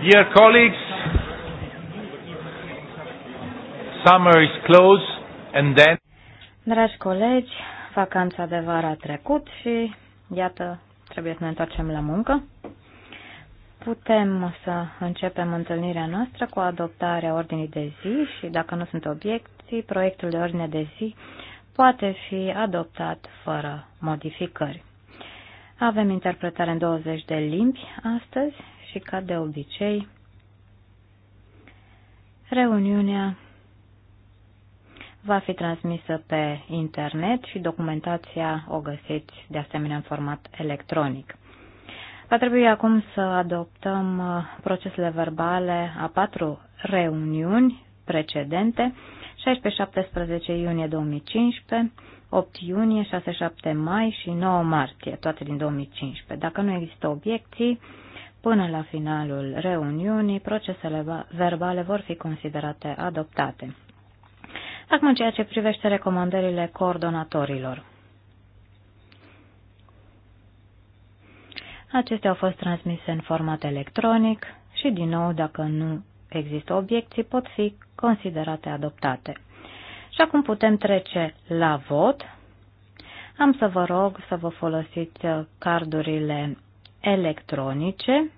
Dear colleagues, summer is close and then... Dragi colegi, vacanța de vară a trecut și iată, trebuie să ne întoarcem la muncă. Putem să începem întâlnirea noastră cu adoptarea ordinii de zi și, dacă nu sunt obiecții, proiectul de ordine de zi poate fi adoptat fără modificări. Avem interpretare în 20 de limbi astăzi și, ca de obicei, reuniunea va fi transmisă pe internet și documentația o găsiți de asemenea în format electronic. Va trebui acum să adoptăm uh, procesele verbale a patru reuniuni precedente 16-17 iunie 2015, 8 iunie, 6-7 mai și 9 martie, toate din 2015. Dacă nu există obiecții, până la finalul reuniunii, procesele verbale vor fi considerate adoptate. Acum, în ceea ce privește recomandările coordonatorilor. Acestea au fost transmise în format electronic și, din nou, dacă nu există obiecții, pot fi considerate adoptate. Și acum putem trece la vot. Am să vă rog să vă folosiți uh, cardurile electronice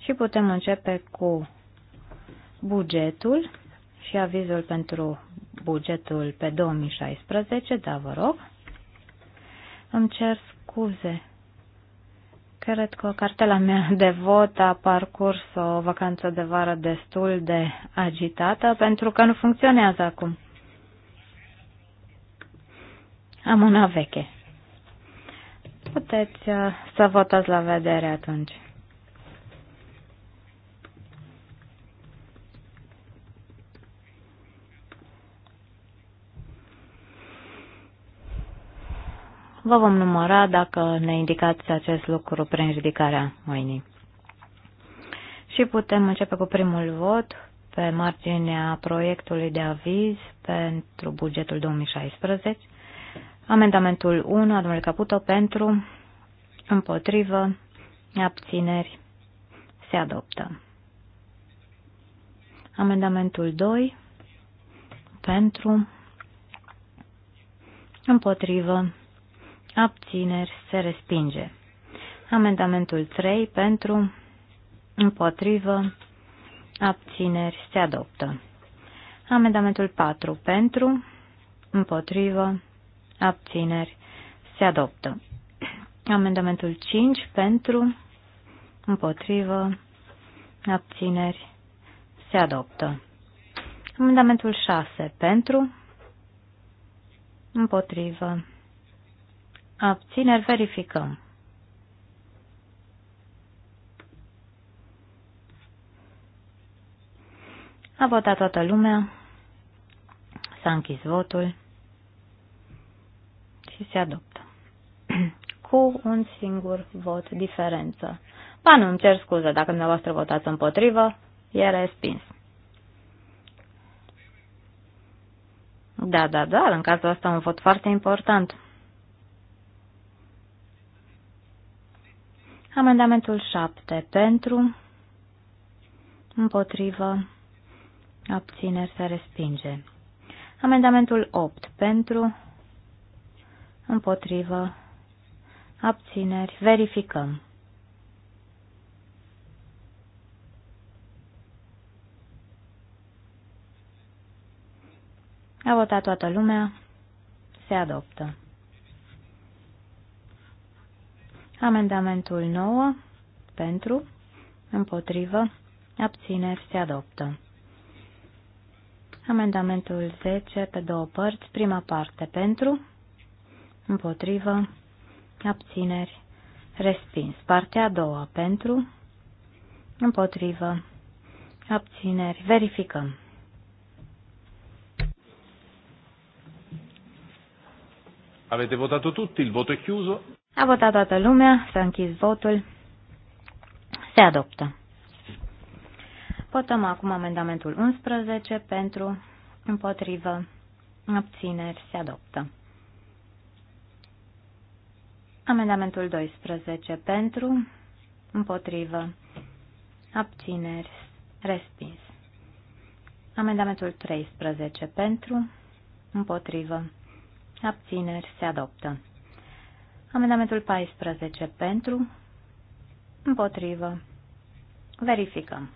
și putem începe cu bugetul și avizul pentru bugetul pe 2016, da, vă rog. Îmi cer scuze Cred că cartela mea de vot a parcurs o vacanță de vară destul de agitată pentru că nu funcționează acum. Am una veche. Puteți uh, să votați la vedere atunci. vă vom număra dacă ne indicați acest lucru prin ridicarea mâinii. Și putem începe cu primul vot pe marginea proiectului de aviz pentru bugetul 2016. Amendamentul 1 a domnului Caputo pentru, împotrivă, abțineri, se adoptă. Amendamentul 2 pentru, împotrivă, abțineri, se respinge. Amendamentul 3 pentru, împotrivă, abțineri, se adoptă. Amendamentul 4 pentru, împotrivă, abțineri, se adoptă. Amendamentul 5 pentru, împotrivă, abțineri, se adoptă. Amendamentul 6 pentru, împotrivă, abțineri, verificăm. A votat toată lumea, s-a închis votul și se adoptă. Cu un singur vot diferență. Ba nu, îmi cer scuze, dacă dumneavoastră votați împotrivă, e respins. Da, da, da, în cazul ăsta un vot foarte important. Amendamentul 7 pentru, împotrivă, abțineri se respinge. Amendamentul 8 pentru, împotrivă, abțineri, verificăm. A votat toată lumea, se adoptă. Amendamentul 9 pentru, împotrivă, abțineri se adoptă. Amendamentul 10 pe două părți, prima parte pentru, împotrivă, abțineri, respins. Partea a doua pentru, împotrivă, abțineri, verificăm. Avete votato tutti, il voto è chiuso. A votat toată lumea, s-a închis votul, se adoptă. Votăm acum amendamentul 11 pentru, împotrivă, abțineri, se adoptă. Amendamentul 12 pentru, împotrivă, abțineri, respins. Amendamentul 13 pentru, împotrivă, abțineri, se adoptă. Amendamentul 14 pentru, împotrivă, verificăm.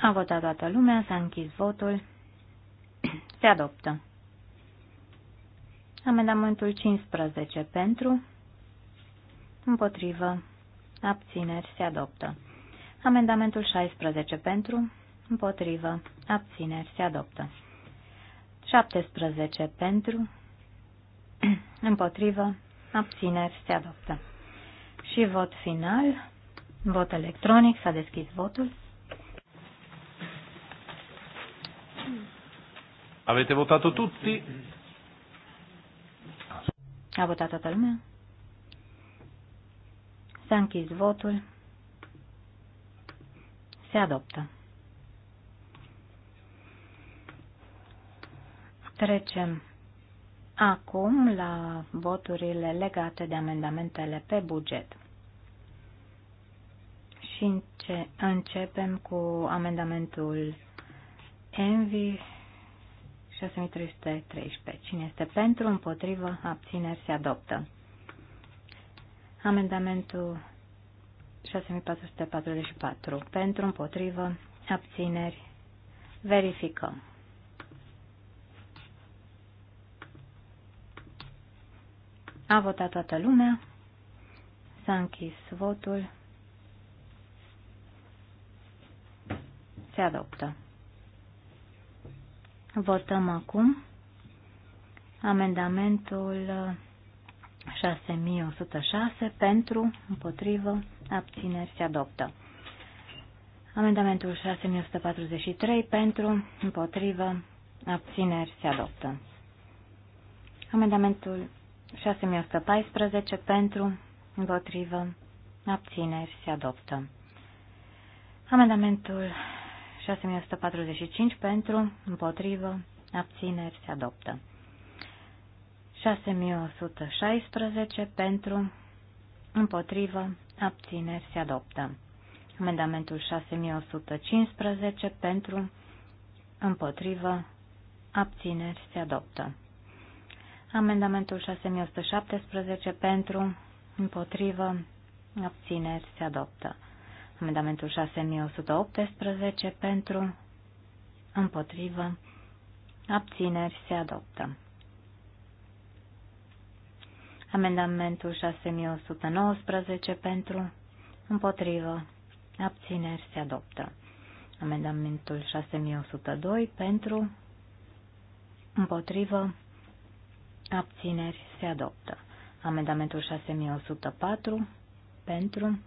A votat toată lumea, s-a închis votul, se adoptă. Amendamentul 15 pentru, împotrivă, abțineri, se adoptă. Amendamentul 16 pentru, împotrivă, abțineri, se adoptă. 17 pentru, împotrivă, abțineri se adoptă. Și vot final, vot electronic, s-a deschis votul. Avete votato tutti? A votat toată lumea? S-a închis votul. Se adoptă. Trecem acum la voturile legate de amendamentele pe buget. Și începem cu amendamentul Envi 6313. Cine este pentru, împotrivă, abțineri, se adoptă. Amendamentul 6444. Pentru, împotrivă, abțineri, verificăm. A votat toată lumea. S-a închis votul. Se adoptă. Votăm acum amendamentul 6106 pentru, împotrivă, abțineri se adoptă. Amendamentul 6143 pentru, împotrivă, abțineri se adoptă. Amendamentul 6114 pentru, împotrivă, abțineri se adoptă. Amendamentul 6145 pentru, împotrivă, abțineri se adoptă. 6116 pentru, împotrivă, abțineri se adoptă. Amendamentul 6115 pentru, împotrivă, abțineri se adoptă. Amendamentul 6117 pentru, împotrivă, abțineri se adoptă. Amendamentul 6118 pentru, împotrivă, abțineri se adoptă. Amendamentul 6119 pentru, împotrivă, abțineri se adoptă. Amendamentul 6102 pentru, împotrivă, abțineri, se adoptă. Amendamentul 6104, pentru,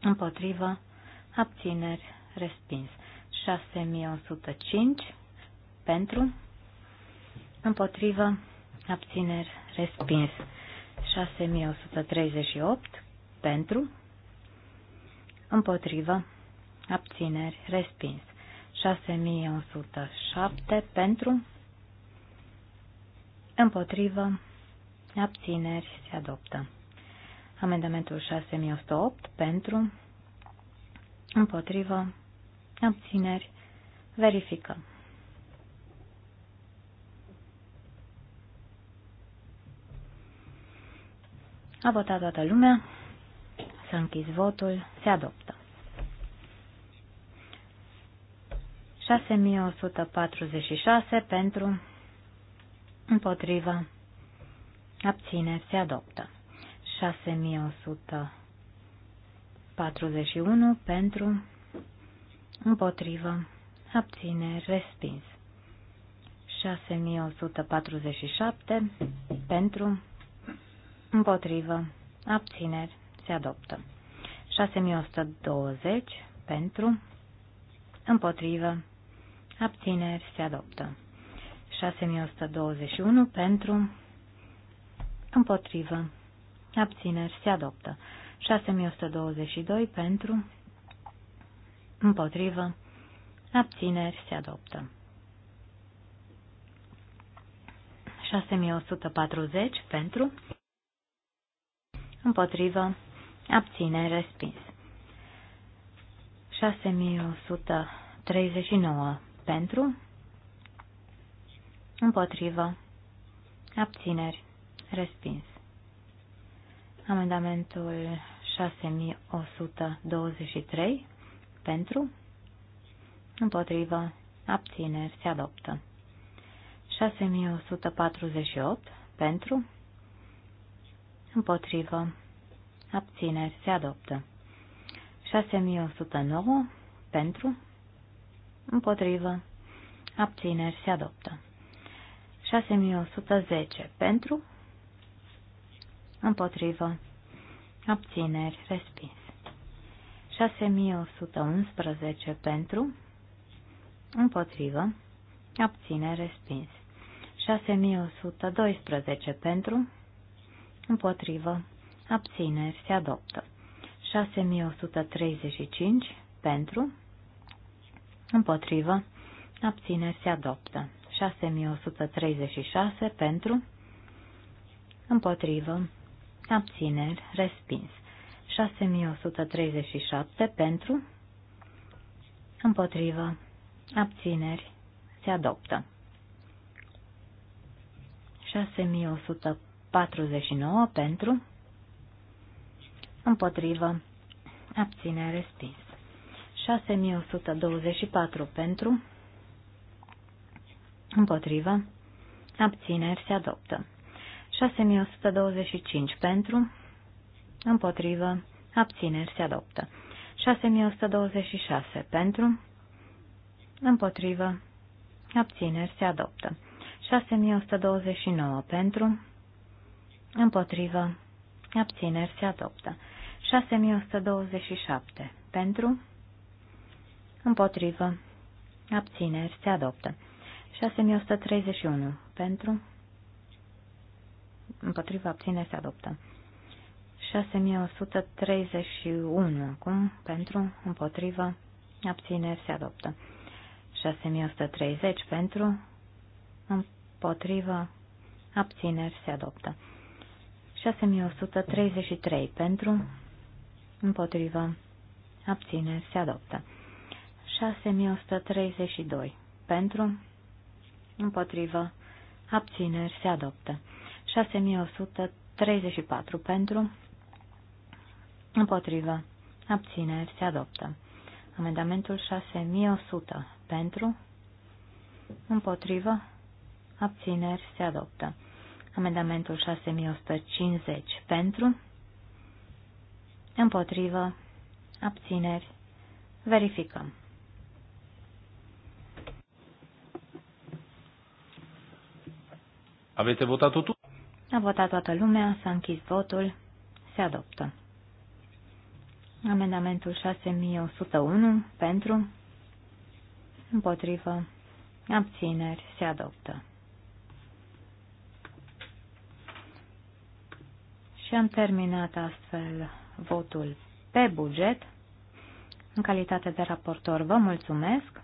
împotrivă, abțineri, respins. 6105, pentru, împotrivă, abțineri, respins. 6138, pentru, împotrivă, abțineri, respins. 6107 pentru, împotrivă, abțineri, se adoptă. Amendamentul 6108 pentru, împotrivă, abțineri, verifică. A votat toată lumea, s-a închis votul, se adoptă. 6146 pentru împotrivă, Abține, se adoptă. 6141 pentru, împotrivă, Abține, respins. 6147 pentru, împotrivă, abțineri, se adoptă. 6120 pentru, împotrivă, abțineri, se adoptă. 6121 pentru, împotrivă, abțineri se adoptă. 6122 pentru, împotrivă, abțineri se adoptă. 6140 pentru, împotrivă, abțineri respins. 6139 pentru, Împotrivă. Abțineri. Respins. Amendamentul 6123. Pentru. Împotrivă. Abțineri. Se adoptă. 6148. Pentru. Împotrivă. Abțineri. Se adoptă. 6109. Pentru. Împotrivă. Abțineri. Se adoptă. 6110 pentru, împotrivă, abțineri, respins. 6111 pentru, împotrivă, abțineri, respins. 6112 pentru, împotrivă, abțineri, se adoptă. 6135 pentru, împotrivă, abțineri, se adoptă. 6136 pentru, împotrivă, abțineri, respins. 6137 pentru, împotrivă, abțineri, se adoptă. 6149 pentru, împotrivă, abținere respins. 6124 pentru, Împotrivă. Abțineri se adoptă. 6125 pentru. Împotrivă. Abțineri se adoptă. 6126 pentru. Împotrivă. Abțineri se adoptă. 6129 pentru. Împotrivă. Abțineri se adoptă. 6127 pentru. Împotrivă. Abțineri se adoptă. 6131 pentru, împotriva obține se adoptă. 6131 acum pentru, împotriva, obține se adoptă. 6130 pentru, împotriva, abțineri se adoptă. 6133 pentru, împotriva, abțineri se adoptă. 6132 pentru, împotrivă, abțineri, se adoptă. 6134 pentru, împotrivă, abțineri, se adoptă. Amendamentul 6100 pentru, împotrivă, abțineri, se adoptă. Amendamentul 6150 pentru, împotrivă, abțineri, verificăm. Aveți votat tutti? A votat toată lumea, s-a închis votul, se adoptă. Amendamentul 6101 pentru, împotrivă, abțineri, se adoptă. Și am terminat astfel votul pe buget. În calitate de raportor vă mulțumesc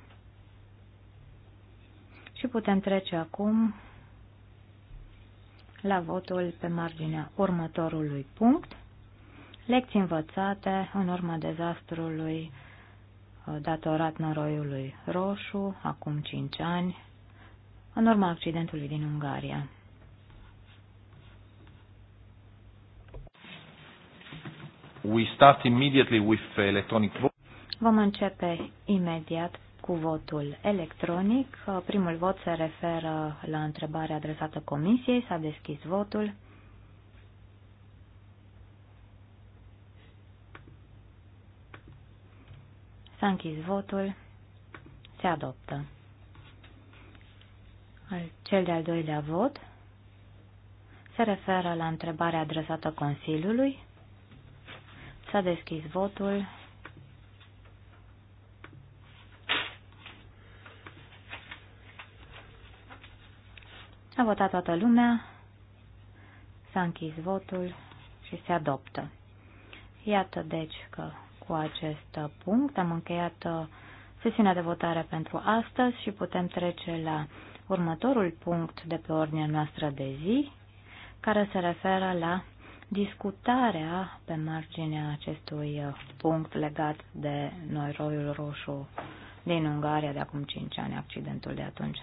și putem trece acum la votul pe marginea următorului punct, lecții învățate în urma dezastrului uh, datorat noroiului roșu, acum 5 ani, în urma accidentului din Ungaria. We start immediately with electronic vote. Vom începe imediat cu votul electronic. Primul vot se referă la întrebarea adresată Comisiei. S-a deschis votul. S-a închis votul. Se adoptă. Cel de-al doilea vot se referă la întrebarea adresată Consiliului. S-a deschis votul. votat toată lumea. S-a închis votul și se adoptă. Iată deci că cu acest punct am încheiat uh, sesiunea de votare pentru astăzi și putem trece la următorul punct de pe ordinea noastră de zi, care se referă la discutarea pe marginea acestui uh, punct legat de noroiul roșu din Ungaria de acum 5 ani, accidentul de atunci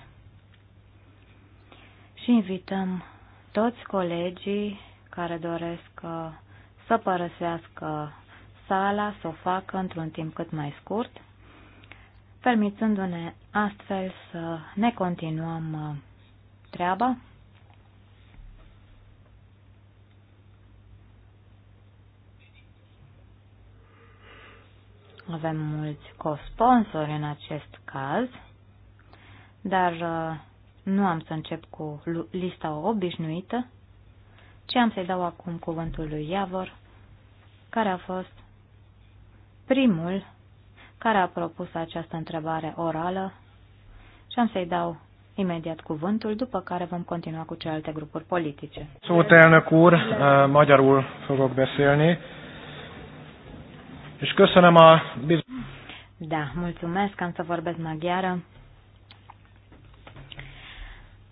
și invităm toți colegii care doresc uh, să părăsească sala, să o facă într-un timp cât mai scurt, permițându-ne astfel să ne continuăm uh, treaba. Avem mulți co-sponsori în acest caz, dar uh, nu am să încep cu lista obișnuită, ci am să-i dau acum cuvântul lui Iavor, care a fost primul care a propus această întrebare orală și am să-i dau imediat cuvântul, după care vom continua cu celelalte grupuri politice. Szót elnök úr, eh, magyarul fogok beszélni. És köszönöm a... Da, mulțumesc, am să vorbesc maghiară.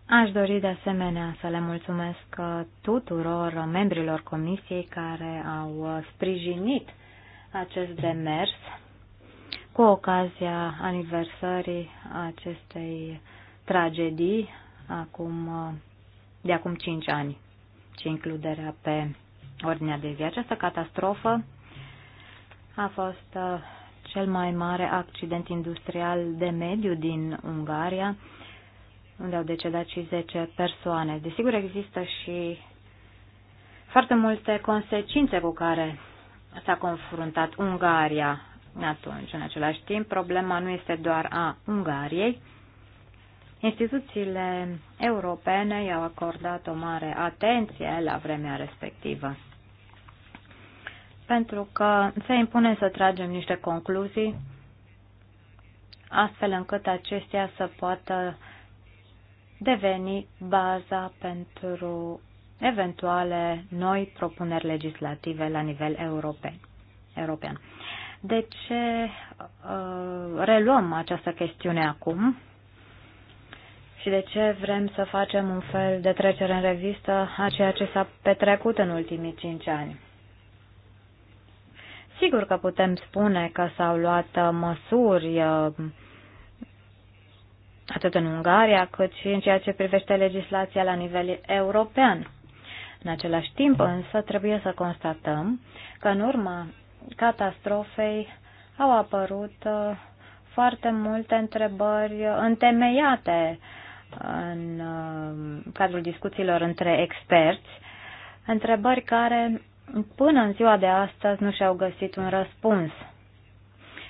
Aș dori de asemenea să le mulțumesc tuturor membrilor comisiei care au sprijinit acest demers cu ocazia aniversării acestei tragedii acum, de acum 5 ani și includerea pe ordinea de zi. Această catastrofă a fost cel mai mare accident industrial de mediu din Ungaria unde au decedat și 10 persoane. Desigur, există și foarte multe consecințe cu care s-a confruntat Ungaria atunci. În același timp, problema nu este doar a Ungariei. Instituțiile europene i-au acordat o mare atenție la vremea respectivă. Pentru că se impune să tragem niște concluzii astfel încât acestea să poată deveni baza pentru eventuale noi propuneri legislative la nivel european. european. De ce uh, reluăm această chestiune acum și de ce vrem să facem un fel de trecere în revistă a ceea ce s-a petrecut în ultimii cinci ani? Sigur că putem spune că s-au luat uh, măsuri uh, atât în Ungaria, cât și în ceea ce privește legislația la nivel european. În același timp, însă, trebuie să constatăm că în urma catastrofei au apărut uh, foarte multe întrebări întemeiate în uh, cadrul discuțiilor între experți, întrebări care până în ziua de astăzi nu și-au găsit un răspuns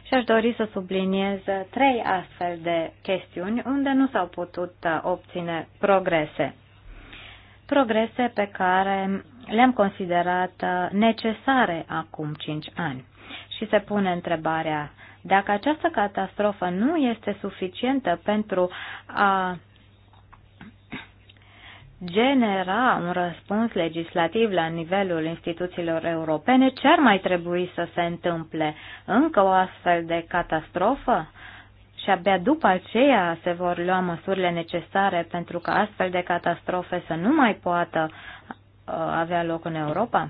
și aș dori să subliniez trei astfel de chestiuni unde nu s-au putut uh, obține progrese. Progrese pe care le-am considerat uh, necesare acum cinci ani. Și se pune întrebarea dacă această catastrofă nu este suficientă pentru a genera un răspuns legislativ la nivelul instituțiilor europene, ce ar mai trebui să se întâmple? Încă o astfel de catastrofă? Și abia după aceea se vor lua măsurile necesare pentru ca astfel de catastrofe să nu mai poată uh, avea loc în Europa?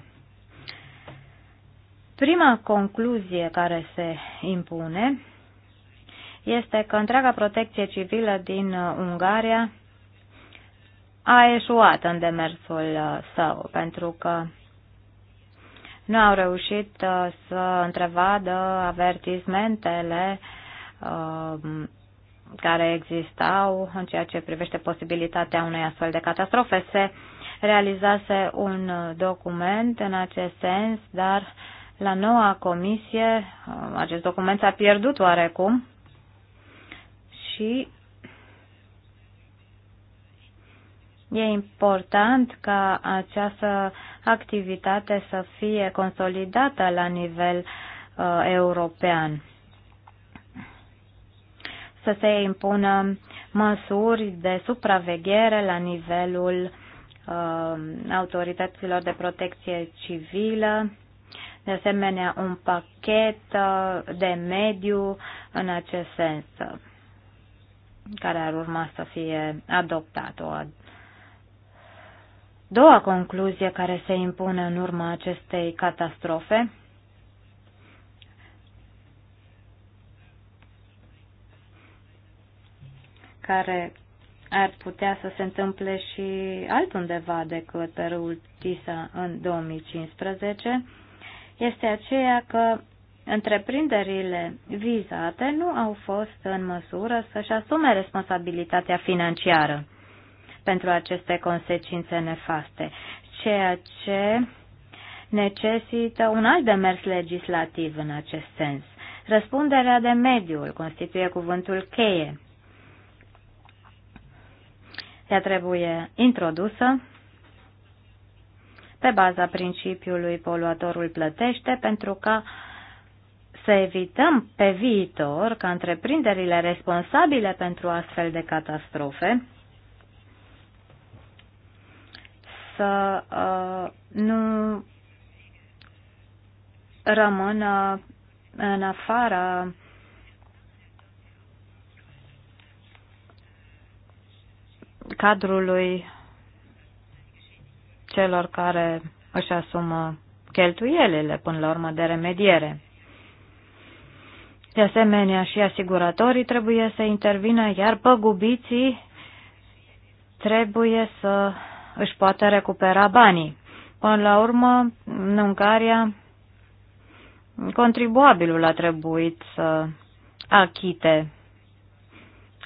Prima concluzie care se impune este că întreaga protecție civilă din uh, Ungaria a eșuat în demersul uh, său, pentru că nu au reușit uh, să întrevadă avertismentele uh, care existau în ceea ce privește posibilitatea unei astfel de catastrofe. Se realizase un document în acest sens, dar la noua comisie acest document s-a pierdut oarecum și E important ca această activitate să fie consolidată la nivel uh, european, să se impună măsuri de supraveghere la nivelul uh, autorităților de protecție civilă, de asemenea un pachet uh, de mediu în acest sens, uh, care ar urma să fie adoptat. O doua concluzie care se impune în urma acestei catastrofe care ar putea să se întâmple și altundeva decât pe râul Tisa în 2015, este aceea că întreprinderile vizate nu au fost în măsură să-și asume responsabilitatea financiară pentru aceste consecințe nefaste, ceea ce necesită un alt demers legislativ în acest sens. Răspunderea de mediul constituie cuvântul cheie. Ea trebuie introdusă pe baza principiului poluatorul plătește pentru ca să evităm pe viitor ca întreprinderile responsabile pentru astfel de catastrofe să uh, nu rămână în afara cadrului celor care își asumă cheltuielile până la urmă de remediere. De asemenea, și asiguratorii trebuie să intervină, iar păgubiții trebuie să își poate recupera banii. Până la urmă, în Ungaria, contribuabilul a trebuit să achite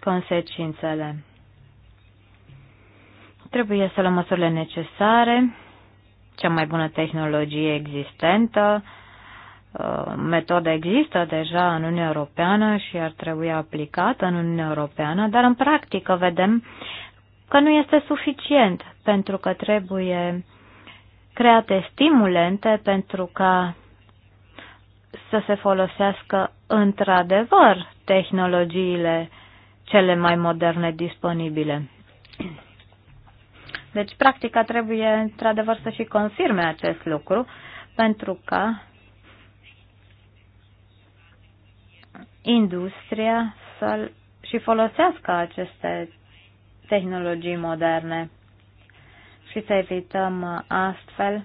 consecințele. Trebuie să luăm măsurile necesare, cea mai bună tehnologie existentă, uh, metoda există deja în Uniunea Europeană și ar trebui aplicată în Uniunea Europeană, dar în practică vedem că nu este suficient, pentru că trebuie create stimulente pentru ca să se folosească într-adevăr tehnologiile cele mai moderne disponibile. Deci practica trebuie într-adevăr să și confirme acest lucru pentru că industria să și folosească aceste tehnologii moderne și să evităm astfel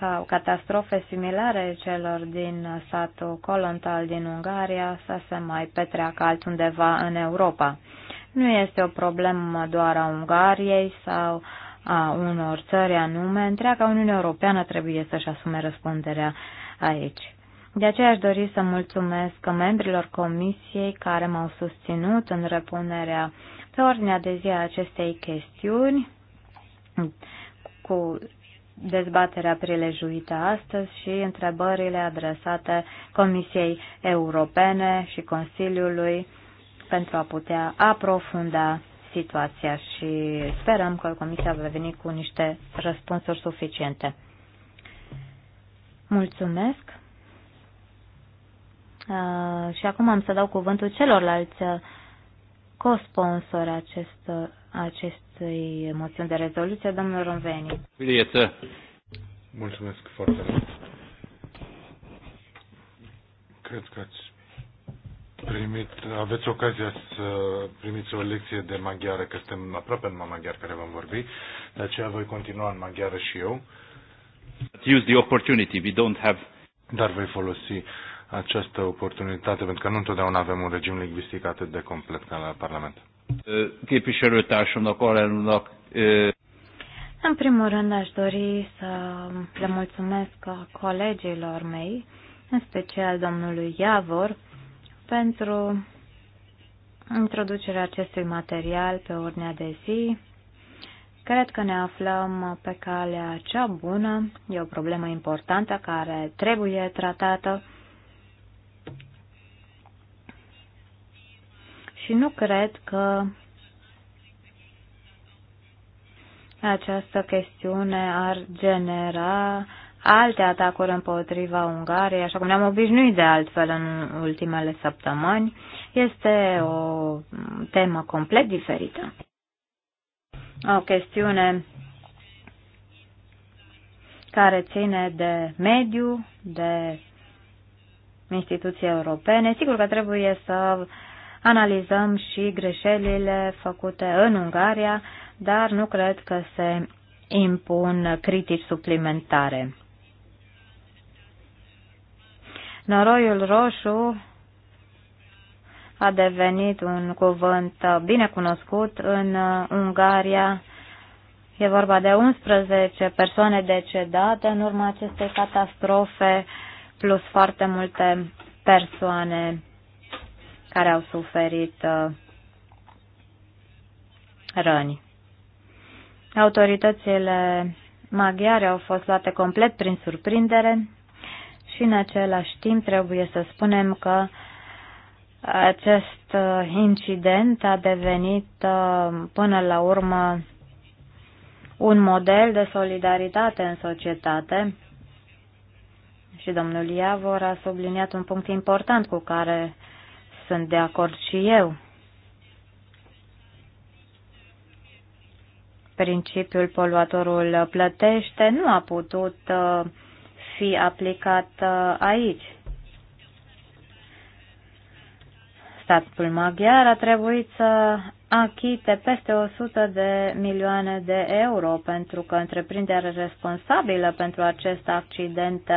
ca catastrofe similare celor din satul Colontal din Ungaria să se mai petreacă altundeva în Europa. Nu este o problemă doar a Ungariei sau a unor țări anume, întreaga Uniune Europeană trebuie să-și asume răspunderea aici. De aceea aș dori să mulțumesc membrilor comisiei care m-au susținut în repunerea pe ordinea de zi a acestei chestiuni cu dezbaterea prilejuită astăzi și întrebările adresate Comisiei Europene și Consiliului pentru a putea aprofunda situația și sperăm că Comisia va veni cu niște răspunsuri suficiente. Mulțumesc! Uh, și acum am să dau cuvântul celorlalți uh, co-sponsori acest, uh, acestei moțiuni de rezoluție, domnul Romveni. Bilietă. Mulțumesc foarte mult. Cred că ați primit, aveți ocazia să primiți o lecție de maghiară, că suntem aproape numai maghiar care vom vorbi, de aceea voi continua în maghiară și eu. Use the opportunity. We don't have... Dar voi folosi această oportunitate, pentru că nu întotdeauna avem un regim lingvistic atât de complet ca la Parlament. În primul rând aș dori să le mulțumesc colegilor mei, în special domnului Iavor, pentru introducerea acestui material pe ordinea de zi. Cred că ne aflăm pe calea cea bună. E o problemă importantă care trebuie tratată Și nu cred că această chestiune ar genera alte atacuri împotriva Ungariei, așa cum ne-am obișnuit de altfel în ultimele săptămâni. Este o temă complet diferită. O chestiune care ține de mediu, de instituții europene. Sigur că trebuie să analizăm și greșelile făcute în Ungaria, dar nu cred că se impun critici suplimentare. Noroiul roșu a devenit un cuvânt bine cunoscut în Ungaria. E vorba de 11 persoane decedate în urma acestei catastrofe, plus foarte multe persoane care au suferit uh, răni. Autoritățile maghiare au fost luate complet prin surprindere și în același timp trebuie să spunem că acest uh, incident a devenit uh, până la urmă un model de solidaritate în societate și domnul Iavor a subliniat un punct important cu care sunt de acord și eu. Principiul poluatorul plătește nu a putut uh, fi aplicat uh, aici. Statul maghiar a trebuit să achite peste 100 de milioane de euro pentru că întreprinderea responsabilă pentru acest accident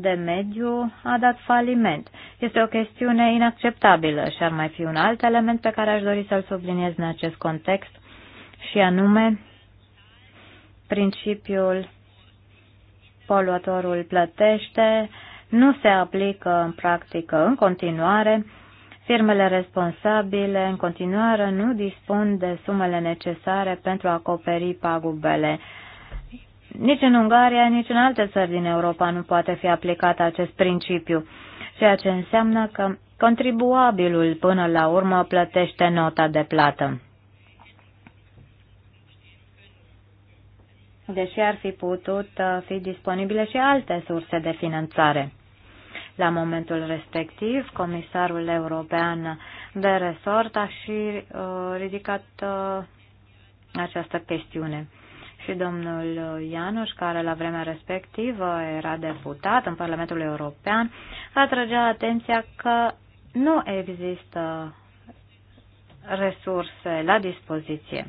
de mediu a dat faliment. Este o chestiune inacceptabilă și ar mai fi un alt element pe care aș dori să-l subliniez în acest context și anume principiul poluatorul plătește nu se aplică în practică în continuare. Firmele responsabile în continuare nu dispun de sumele necesare pentru a acoperi pagubele nici în Ungaria, nici în alte țări din Europa nu poate fi aplicat acest principiu, ceea ce înseamnă că contribuabilul până la urmă plătește nota de plată. deși ar fi putut uh, fi disponibile și alte surse de finanțare. La momentul respectiv, comisarul european de resort a și uh, ridicat uh, această chestiune și domnul Ianuș, care la vremea respectivă era deputat în Parlamentul European, atragea atenția că nu există resurse la dispoziție.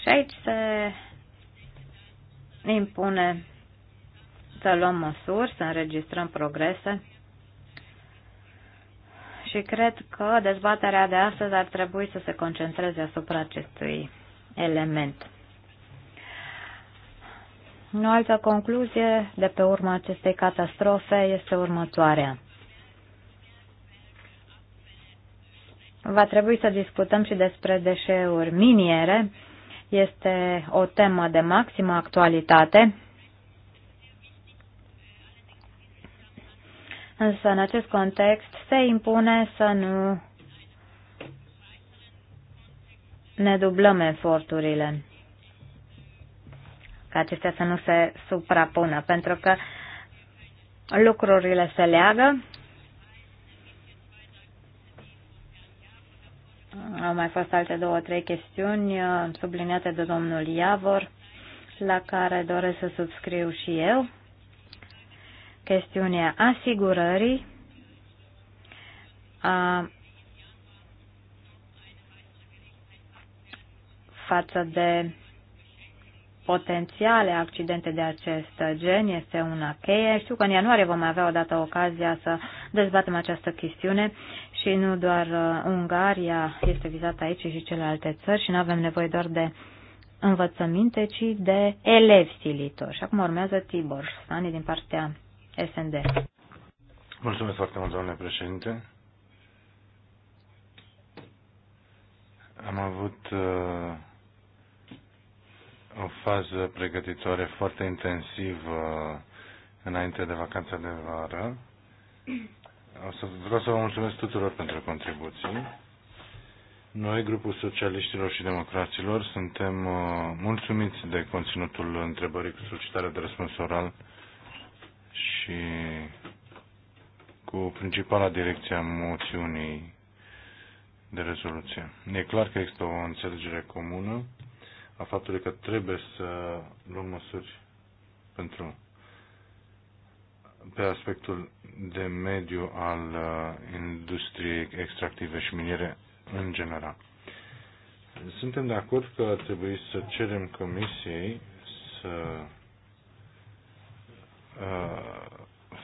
Și aici se impune să luăm măsuri, să înregistrăm progrese și cred că dezbaterea de astăzi ar trebui să se concentreze asupra acestui element. O altă concluzie de pe urma acestei catastrofe este următoarea. Va trebui să discutăm și despre deșeuri miniere. Este o temă de maximă actualitate. Însă, în acest context, se impune să nu ne dublăm eforturile ca acestea să nu se suprapună, pentru că lucrurile se leagă. Au mai fost alte două, trei chestiuni uh, subliniate de domnul Iavor, la care doresc să subscriu și eu. Chestiunea asigurării a față de potențiale accidente de acest gen este una cheie. Știu că în ianuarie vom avea odată ocazia să dezbatem această chestiune și nu doar uh, Ungaria este vizată aici și celelalte țări și nu avem nevoie doar de învățăminte, ci de elevi silitori. Și acum urmează Tibor, Stani din partea SND. Mulțumesc foarte mult, domnule președinte. Am avut uh o fază pregătitoare foarte intensivă înainte de vacanța de vară. O să, vreau să vă mulțumesc tuturor pentru contribuții. Noi, grupul socialiștilor și democraților, suntem uh, mulțumiți de conținutul întrebării cu solicitarea de răspuns oral și cu principala direcție a moțiunii de rezoluție. E clar că există o înțelegere comună a faptului că trebuie să luăm măsuri pentru pe aspectul de mediu al uh, industriei extractive și miniere în general. Suntem de acord că ar trebui să cerem Comisiei să uh,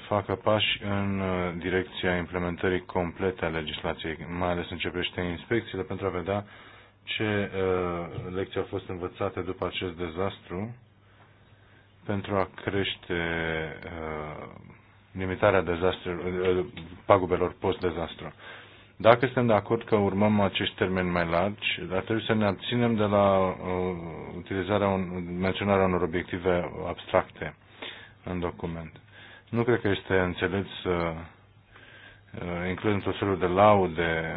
facă pași în uh, direcția implementării complete a legislației, mai ales începește inspecțiile pentru a vedea uh, ce uh, lecții au fost învățate după acest dezastru pentru a crește uh, limitarea dezastrelor, uh, pagubelor post-dezastru. Dacă suntem de acord că urmăm acești termeni mai largi, dar trebuie să ne abținem de la uh, utilizarea un, menționarea unor obiective abstracte în document. Nu cred că este înțelept să uh, includem tot felul de laude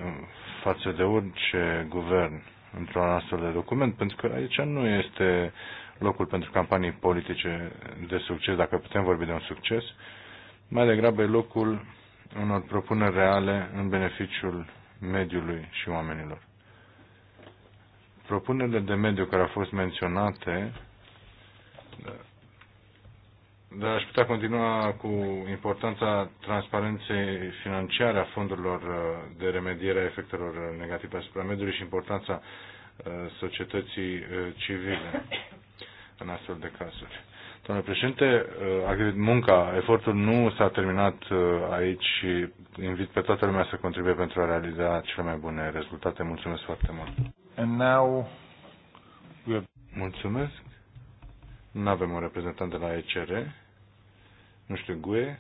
față de orice guvern într-un astfel de document, pentru că aici nu este locul pentru campanii politice de succes, dacă putem vorbi de un succes, mai degrabă e locul unor propuneri reale în beneficiul mediului și oamenilor. Propunerile de mediu care au fost menționate dar aș putea continua cu importanța transparenței financiare a fondurilor uh, de remediere a efectelor uh, negative asupra mediului și importanța uh, societății civile în astfel de cazuri. Domnule președinte, munca, efortul nu s-a terminat aici și invit pe toată lumea să contribuie pentru a realiza cele mai bune rezultate. Mulțumesc foarte mult. And now we have... Mulțumesc. Nu avem un reprezentant de la ECR. Nu știu, GUE?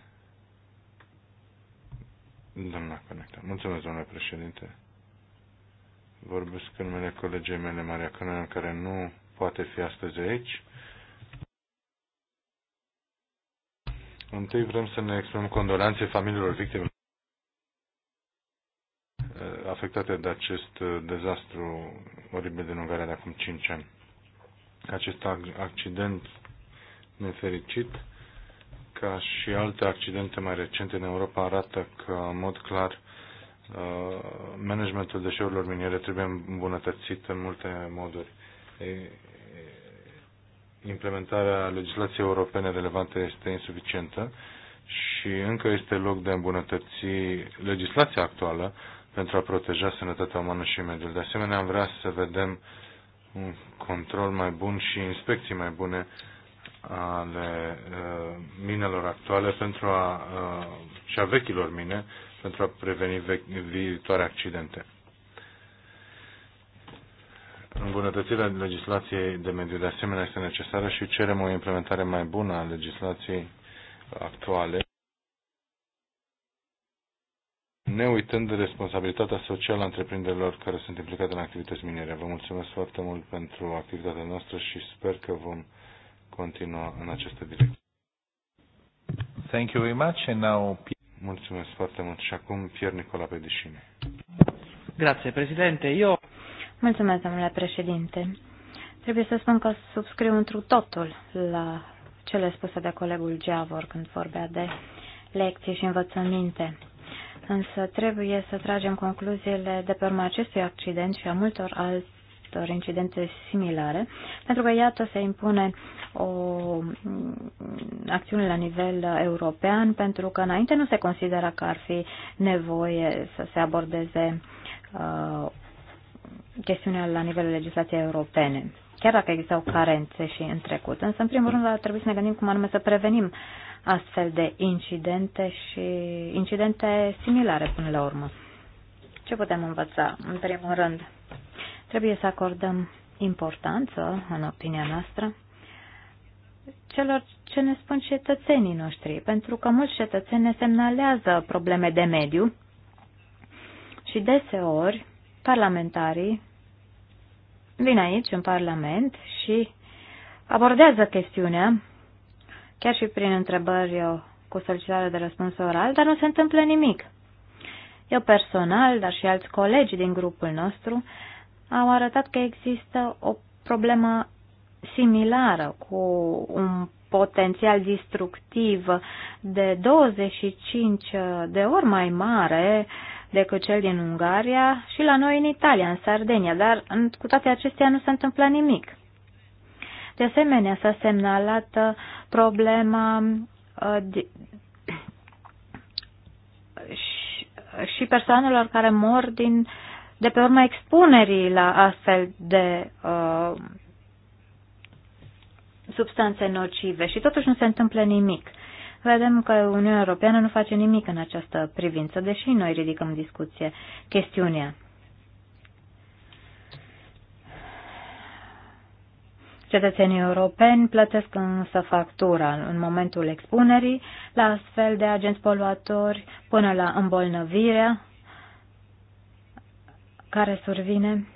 Doamna Conecta. Mulțumesc, domnule președinte. Vorbesc în numele colegii mele, Maria Cănăian, care nu poate fi astăzi aici. Întâi vrem să ne exprimăm condolențe familiilor victimelor eh, afectate de acest eh, dezastru oribil din Ungaria de acum 5 ani. Acest accident nefericit ca și alte accidente mai recente în Europa arată că, în mod clar, uh, managementul deșeurilor miniere trebuie îmbunătățit în multe moduri. Implementarea legislației europene relevante este insuficientă și încă este loc de îmbunătăți legislația actuală pentru a proteja sănătatea umană și mediul. De asemenea, am vrea să vedem un control mai bun și inspecții mai bune uh, ale uh, minelor actuale pentru a, uh, și a vechilor mine pentru a preveni viitoare accidente. Îmbunătățirea legislației de mediu de asemenea este necesară și cerem o implementare mai bună a legislației actuale, ne uitând de responsabilitatea socială a întreprinderilor care sunt implicate în activități miniere. Vă mulțumesc foarte mult pentru activitatea noastră și sper că vom continua în această direcție. Thank you very much and now Mulțumesc foarte mult și acum Pier Nicola Pedișine. Grazie, președinte. Eu... Mulțumesc, domnule președinte. Trebuie să spun că subscriu întru totul la cele spuse de colegul Geavor când vorbea de lecții și învățăminte. Însă trebuie să tragem concluziile de pe urma acestui accident și a multor alți acestor incidente similare, pentru că, iată, se impune o acțiune la nivel european, pentru că înainte nu se considera că ar fi nevoie să se abordeze uh, chestiunea la nivelul legislației europene, chiar dacă existau carențe și în trecut. Însă, în primul rând, ar trebui să ne gândim cum anume să prevenim astfel de incidente și incidente similare până la urmă. Ce putem învăța, în primul rând? Trebuie să acordăm importanță, în opinia noastră, celor ce ne spun cetățenii noștri, pentru că mulți cetățeni ne semnalează probleme de mediu și deseori parlamentarii vin aici, în Parlament, și abordează chestiunea, chiar și prin întrebări uh, cu solicitare de răspuns oral, dar nu se întâmplă nimic. Eu personal, dar și alți colegi din grupul nostru, au arătat că există o problemă similară cu un potențial distructiv de 25 de ori mai mare decât cel din Ungaria și la noi în Italia, în Sardenia, dar cu toate acestea nu se întâmplă nimic. De asemenea, s-a semnalat uh, problema uh, și persoanelor care mor din uh, de pe urma expunerii la astfel de uh, substanțe nocive și totuși nu se întâmplă nimic. Vedem că Uniunea Europeană nu face nimic în această privință, deși noi ridicăm în discuție chestiunea. Cetățenii europeni plătesc însă factura în momentul expunerii la astfel de agenți poluatori până la îmbolnăvirea care survine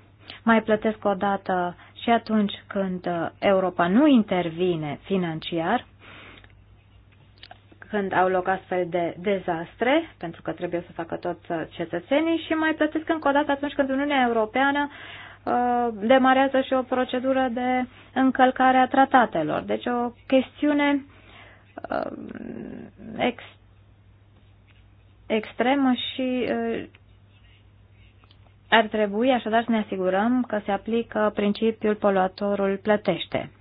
mai plătesc o dată și atunci când Europa nu intervine financiar, când au loc astfel de dezastre, pentru că trebuie să facă toți uh, cetățenii, și mai plătesc încă o dată atunci când Uniunea Europeană uh, demarează și o procedură de încălcare a tratatelor. Deci o chestiune uh, ex, extremă și ar trebui așadar să ne asigurăm că se aplică principiul poluatorul plătește.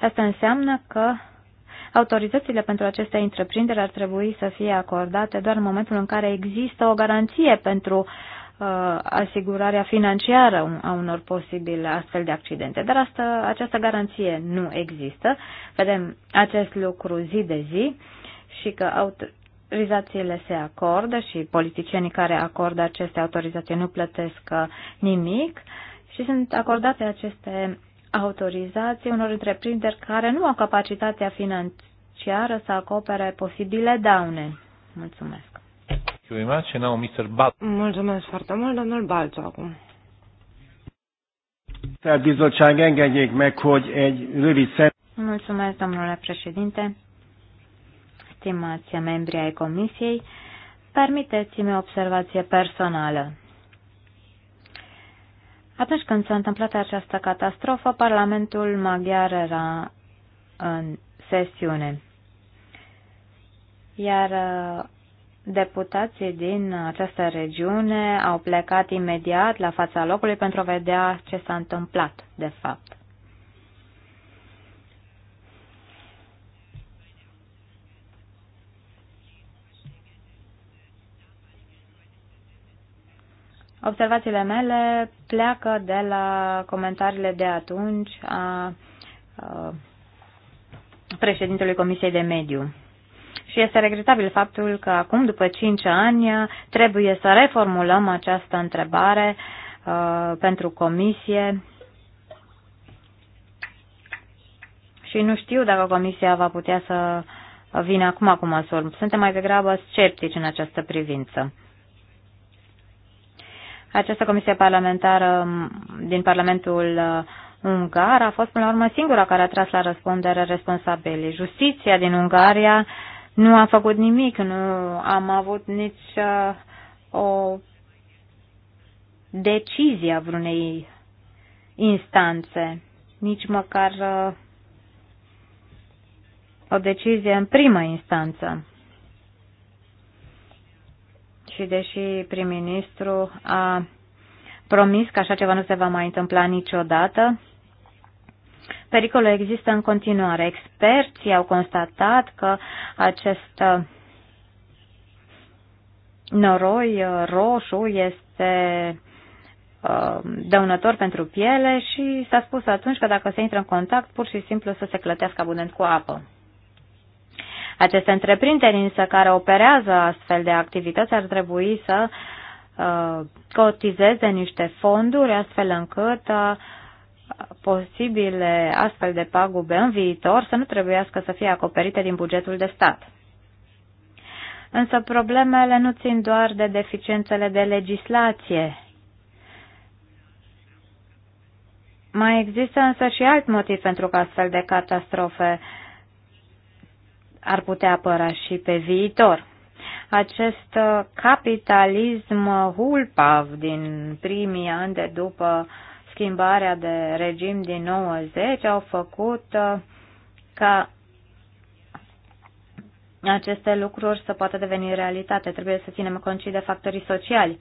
Asta înseamnă că autorizațiile pentru aceste întreprinderi ar trebui să fie acordate doar în momentul în care există o garanție pentru uh, asigurarea financiară a unor posibile astfel de accidente. Dar asta, această garanție nu există. Vedem acest lucru zi de zi și că autorizațiile se acordă și politicienii care acordă aceste autorizații nu plătesc uh, nimic și sunt acordate aceste autorizații unor întreprinderi care nu au capacitatea financiară să acopere posibile daune. Mulțumesc. Mulțumesc foarte mult, domnul Balțu, acum. Mulțumesc, domnule președinte stimați membri ai Comisiei, permiteți-mi o observație personală. Atunci când s-a întâmplat această catastrofă, Parlamentul maghiar era în sesiune, iar uh, deputații din această regiune au plecat imediat la fața locului pentru a vedea ce s-a întâmplat, de fapt. Observațiile mele pleacă de la comentariile de atunci a, a președintelui Comisiei de Mediu. Și este regretabil faptul că acum, după 5 ani, trebuie să reformulăm această întrebare pentru comisie. Și nu știu dacă comisia va putea să vină acum cu măsuri. Suntem mai degrabă sceptici în această privință. Această comisie parlamentară din Parlamentul uh, Ungar a fost până la urmă singura care a tras la răspundere responsabilii. Justiția din Ungaria nu a făcut nimic, nu am avut nici uh, o decizie a vreunei instanțe, nici măcar uh, o decizie în primă instanță și deși prim-ministru a promis că așa ceva nu se va mai întâmpla niciodată, pericolul există în continuare. Experții au constatat că acest uh, noroi uh, roșu este uh, dăunător pentru piele și s-a spus atunci că dacă se intră în contact, pur și simplu să se clătească abundent cu apă. Aceste întreprinderi însă care operează astfel de activități ar trebui să uh, cotizeze niște fonduri astfel încât uh, posibile astfel de pagube în viitor să nu trebuiască să fie acoperite din bugetul de stat. Însă problemele nu țin doar de deficiențele de legislație. Mai există însă și alt motiv pentru că astfel de catastrofe ar putea apăra și pe viitor. Acest capitalism hulpav din primii ani de după schimbarea de regim din 90 au făcut uh, ca aceste lucruri să poată deveni realitate. Trebuie să ținem cont și de factorii sociali.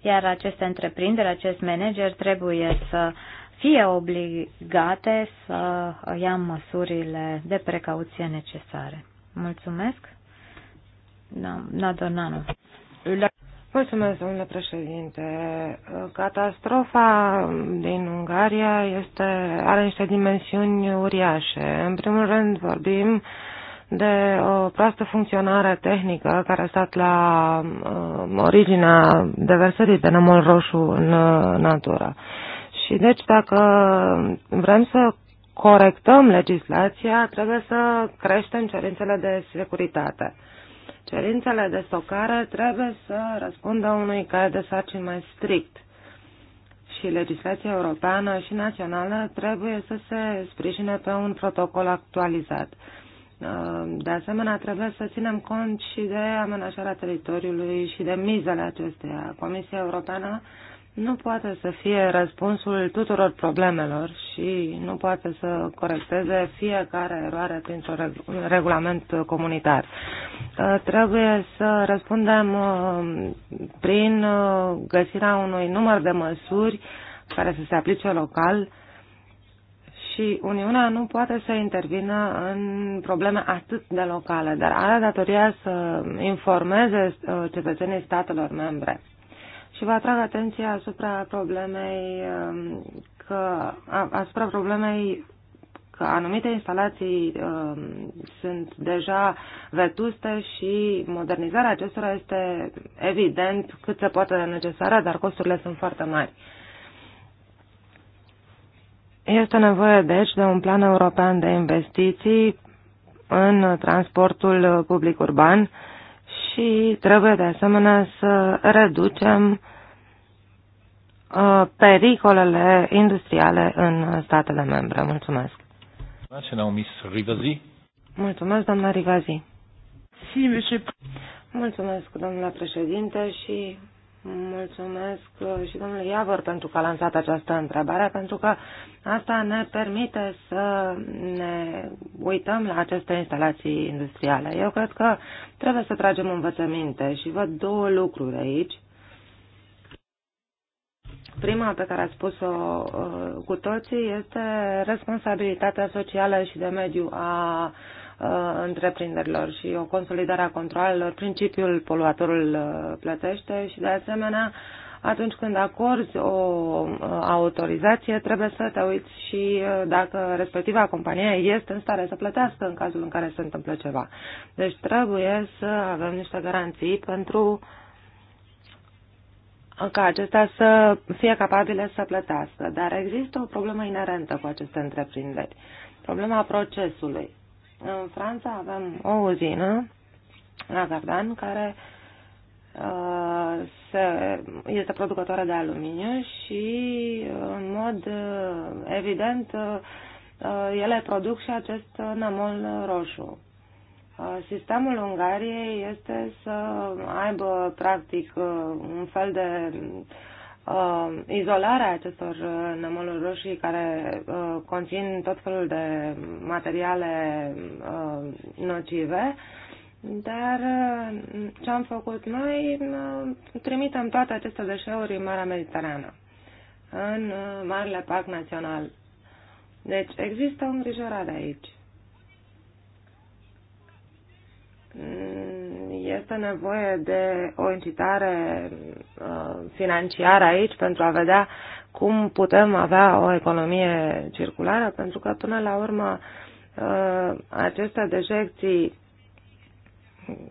Iar aceste întreprinderi, acest manager trebuie să fie obligate să ia măsurile de precauție necesare. Mulțumesc. Nadonanu. Mulțumesc, domnule președinte. Catastrofa din Ungaria este, are niște dimensiuni uriașe. În primul rând vorbim de o proastă funcționare tehnică care a stat la uh, originea deversării de nămol roșu în uh, natură. Și deci dacă vrem să corectăm legislația, trebuie să creștem cerințele de securitate. Cerințele de stocare trebuie să răspundă unui caz de sarcini mai strict și legislația europeană și națională trebuie să se sprijine pe un protocol actualizat. De asemenea, trebuie să ținem cont și de amenajarea teritoriului și de mizele acesteia. Comisia Europeană nu poate să fie răspunsul tuturor problemelor și nu poate să corecteze fiecare eroare printr-un regulament comunitar. Uh, trebuie să răspundem uh, prin uh, găsirea unui număr de măsuri care să se aplice local și Uniunea nu poate să intervină în probleme atât de locale, dar are datoria să informeze cetățenii statelor membre și vă atrag atenția asupra problemei um, că asupra problemei că anumite instalații uh, sunt deja vetuste și modernizarea acestora este evident cât se poate de necesară, dar costurile sunt foarte mari. Este nevoie, deci, de un plan european de investiții în transportul public urban uh, și trebuie de asemenea să reducem uh, pericolele industriale în statele membre. Mulțumesc. Mulțumesc, doamna Rivazi. Mulțumesc, domnule președinte, și Mulțumesc uh, și domnule Iavor pentru că a lansat această întrebare, pentru că asta ne permite să ne uităm la aceste instalații industriale. Eu cred că trebuie să tragem învățăminte și văd două lucruri aici. Prima pe care a spus-o uh, cu toții este responsabilitatea socială și de mediu a uh, Uh, întreprinderilor și o consolidare a controlelor, principiul poluatorul uh, plătește și de asemenea atunci când acorzi o uh, autorizație, trebuie să te uiți și dacă respectiva companie este în stare să plătească în cazul în care se întâmplă ceva. Deci trebuie să avem niște garanții pentru ca acestea să fie capabile să plătească. Dar există o problemă inerentă cu aceste întreprinderi. Problema procesului. În Franța avem o uzină la Gardan care uh, se, este producătoare de aluminiu și uh, în mod uh, evident ele produc și acest namol roșu. Sistemul Ungariei este să aibă practic un fel de uh, uh, izolarea acestor uh, nămoluri roșii care uh, conțin tot felul de materiale uh, nocive, dar uh, ce am făcut noi, uh, trimitem toate aceste deșeuri în Marea Mediterană, în uh, Marele Parc Național. Deci există o îngrijorare aici. Mm, este nevoie de o incitare Uh, financiar aici pentru a vedea cum putem avea o economie circulară, pentru că până la urmă uh, aceste dejecții,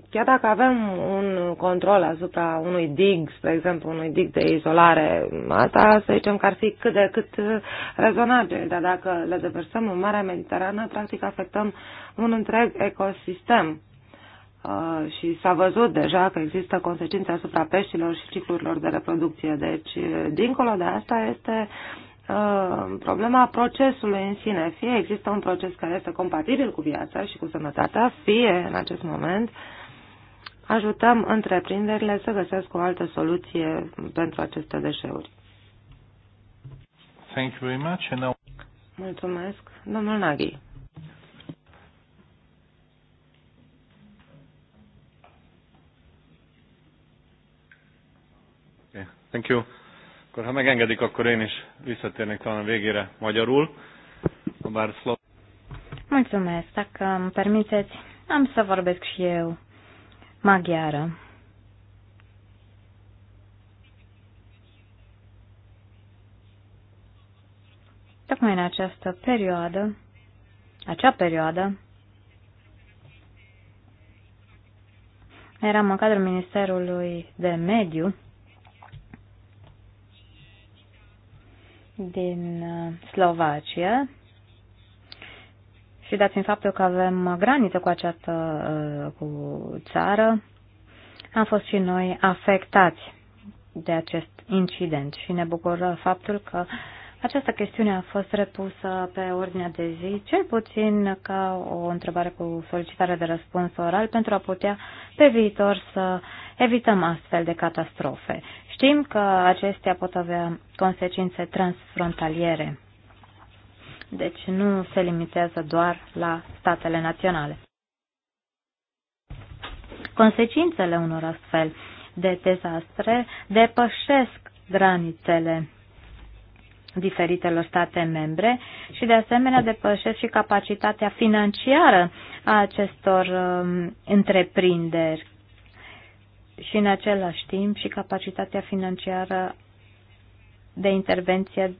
chiar dacă avem un control asupra unui dig, spre exemplu, unui dig de izolare, asta să zicem că ar fi cât de cât rezonabil, dar dacă le deversăm în Marea Mediterană, practic afectăm un întreg ecosistem Uh, și s-a văzut deja că există consecințe asupra peștilor și ciclurilor de reproducție. Deci, uh, dincolo de asta este uh, problema procesului în sine. Fie există un proces care este compatibil cu viața și cu sănătatea, fie în acest moment ajutăm întreprinderile să găsească o altă soluție pentru aceste deșeuri. Thank you very much. And now... Mulțumesc. Domnul Naghi. Thank you. Akkor ha megengedik, akkor én is visszatérnék talán a végére magyarul. Bár szló... Mulțumesc. Dacă îmi permiteți, am să vorbesc și eu maghiară. Tocmai în această perioadă, acea perioadă, eram în cadrul Ministerului de Mediu din uh, Slovacia și dat fiind faptul că avem graniță cu această uh, cu țară, am fost și noi afectați de acest incident și ne bucură faptul că această chestiune a fost repusă pe ordinea de zi, cel puțin ca o întrebare cu solicitare de răspuns oral, pentru a putea pe viitor să evităm astfel de catastrofe. Știm că acestea pot avea consecințe transfrontaliere, deci nu se limitează doar la statele naționale. Consecințele unor astfel de dezastre depășesc granițele diferitelor state membre și de asemenea depășesc și capacitatea financiară a acestor um, întreprinderi și în același timp și capacitatea financiară de intervenție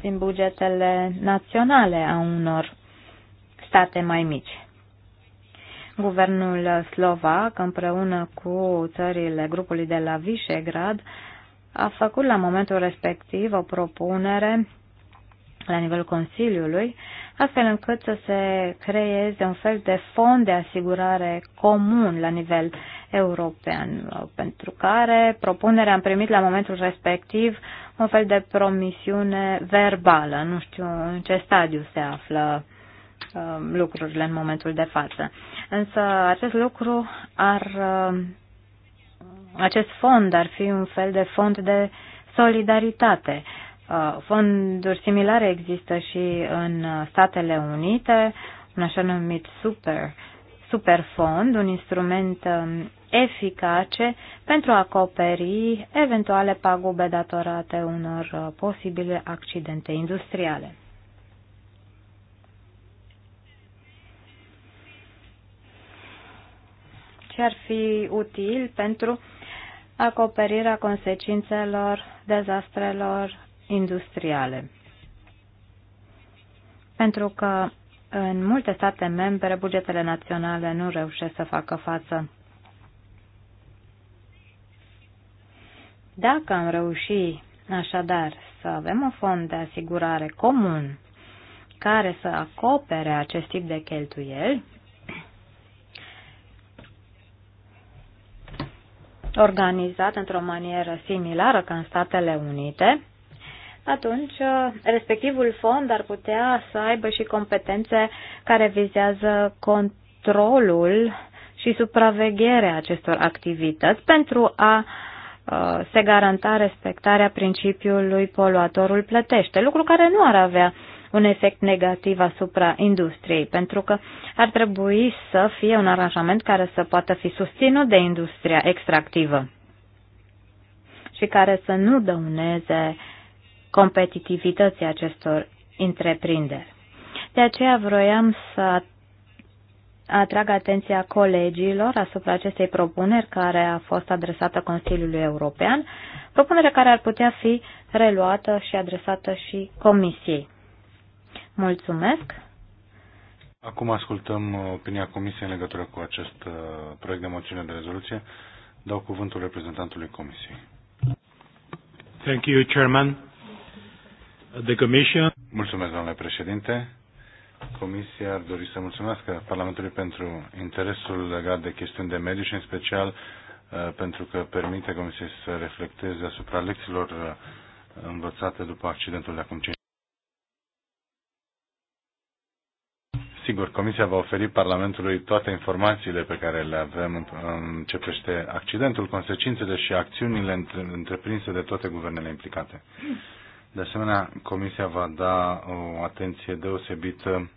din bugetele naționale a unor state mai mici. Guvernul slovac, împreună cu țările grupului de la Visegrad, a făcut la momentul respectiv o propunere la nivelul Consiliului, astfel încât să se creeze un fel de fond de asigurare comun la nivel european, pentru care propunerea am primit la momentul respectiv un fel de promisiune verbală. Nu știu în ce stadiu se află um, lucrurile în momentul de față. Însă acest lucru ar um, acest fond ar fi un fel de fond de solidaritate. Uh, fonduri similare există și în Statele Unite, un așa numit super, super fond, un instrument um, eficace pentru a acoperi eventuale pagube datorate unor uh, posibile accidente industriale. ce ar fi util pentru acoperirea consecințelor dezastrelor industriale. Pentru că în multe state membre bugetele naționale nu reușesc să facă față. Dacă am reușit așadar să avem un fond de asigurare comun care să acopere acest tip de cheltuieli, organizat într-o manieră similară ca în Statele Unite, atunci uh, respectivul fond ar putea să aibă și competențe care vizează controlul și supravegherea acestor activități pentru a uh, se garanta respectarea principiului poluatorul plătește, lucru care nu ar avea un efect negativ asupra industriei, pentru că ar trebui să fie un aranjament care să poată fi susținut de industria extractivă și care să nu dăuneze competitivității acestor întreprinderi. De aceea vroiam să atrag atenția colegilor asupra acestei propuneri care a fost adresată Consiliului European, propunere care ar putea fi reluată și adresată și Comisiei. Mulțumesc! Acum ascultăm opinia Comisiei în legătură cu acest uh, proiect de moțiune de rezoluție. Dau cuvântul reprezentantului Comisiei. Thank you, Chairman. The Commission. Mulțumesc, domnule președinte. Comisia ar dori să mulțumesc Parlamentului pentru interesul legat de chestiuni de mediu și în special uh, pentru că permite Comisiei să reflecteze asupra lecțiilor uh, învățate după accidentul de acum 5 Sigur, Comisia va oferi Parlamentului toate informațiile pe care le avem în ce privește accidentul, consecințele și acțiunile întreprinse de toate guvernele implicate. De asemenea, Comisia va da o atenție deosebită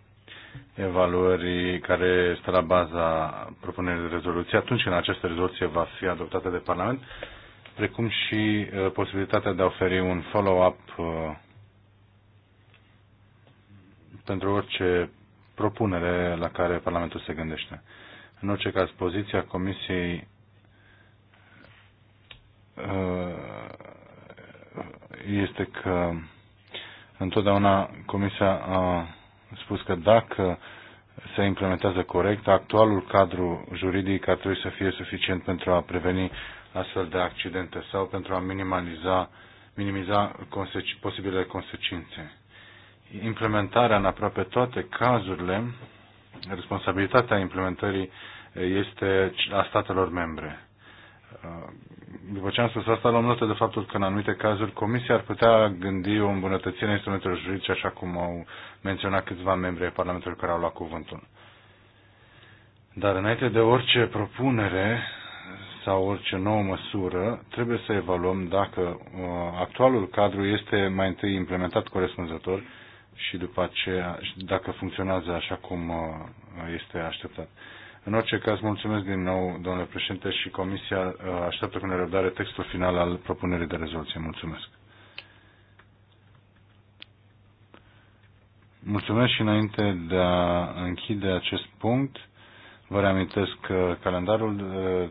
evaluării care stă la baza propunerii de rezoluție atunci când această rezoluție va fi adoptată de Parlament, precum și uh, posibilitatea de a oferi un follow-up uh, pentru orice propunere la care Parlamentul se gândește. În orice caz, poziția Comisiei uh, este că întotdeauna Comisia a spus că dacă se implementează corect, actualul cadru juridic ar trebui să fie suficient pentru a preveni astfel de accidente sau pentru a minimaliza, minimiza conse posibile consecințe implementarea în aproape toate cazurile, responsabilitatea implementării eh, este a statelor membre. Eh, după ce am spus asta, luăm notă de faptul că în anumite cazuri Comisia ar putea gândi o îmbunătățire a instrumentelor juridice, așa cum au menționat câțiva membri ai Parlamentului care au luat cuvântul. Dar înainte de orice propunere sau orice nouă măsură, trebuie să evaluăm dacă uh, actualul cadru este mai întâi implementat corespunzător și după aceea dacă funcționează așa cum uh, este așteptat. În orice caz, mulțumesc din nou, domnule președinte, și Comisia uh, așteaptă cu nerăbdare textul final al propunerii de rezoluție. Mulțumesc. Mulțumesc și înainte de a închide acest punct, vă reamintesc că calendarul, uh,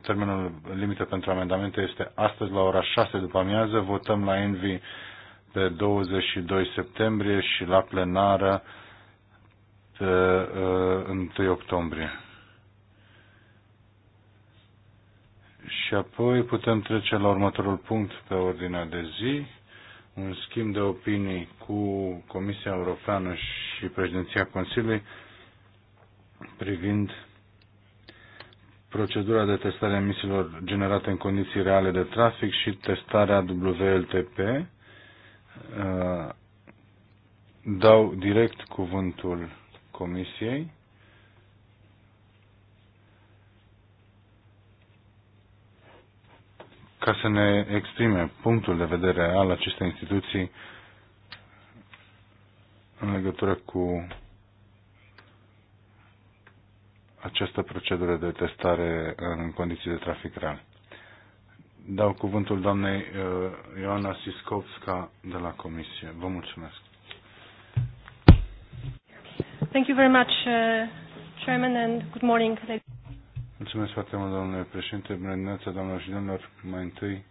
termenul limită pentru amendamente este astăzi la ora 6 după amiază, votăm la Envi pe 22 septembrie și la plenară pe uh, 1 octombrie. Și apoi putem trece la următorul punct pe ordinea de zi, un schimb de opinii cu Comisia Europeană și președinția Consiliului privind procedura de testare a emisiilor generate în condiții reale de trafic și testarea WLTP Uh, dau direct cuvântul Comisiei. ca să ne exprime punctul de vedere al acestei instituții în legătură cu această procedură de testare în condiții de trafic real dau cuvântul doamnei uh, Ioana Siskovska de la Comisie. Vă mulțumesc. Thank you very much, uh, Chairman, and good morning. Mulțumesc foarte mult, domnule președinte. Bună dimineața, doamnelor și domnilor. Mai întâi,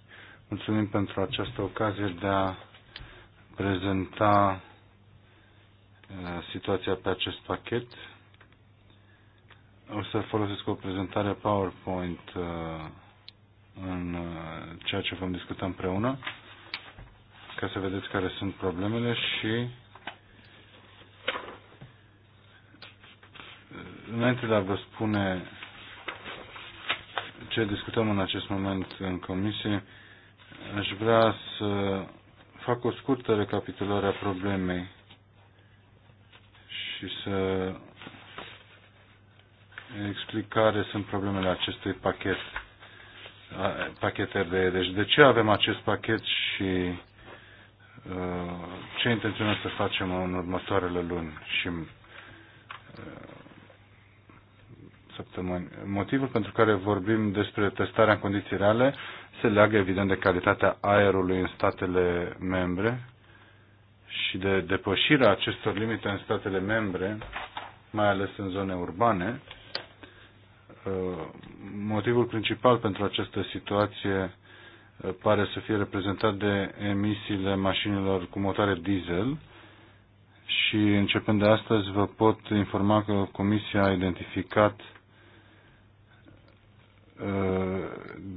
mulțumim pentru această ocazie de a prezenta uh, situația pe acest pachet. O să folosesc o prezentare PowerPoint uh, în uh, ceea ce vom discuta împreună, ca să vedeți care sunt problemele și uh, înainte de a vă spune ce discutăm în acest moment în comisie, aș vrea să fac o scurtă recapitulare a problemei și să explic care sunt problemele acestui pachet pachet RDE. Deci de ce avem acest pachet și uh, ce intenționăm să facem în următoarele luni și uh, săptămâni. Motivul pentru care vorbim despre testarea în condiții reale se leagă evident de calitatea aerului în statele membre și de depășirea acestor limite în statele membre, mai ales în zone urbane, uh, motivul principal pentru această situație uh, pare să fie reprezentat de emisiile mașinilor cu motoare diesel și începând de astăzi vă pot informa că Comisia a identificat uh,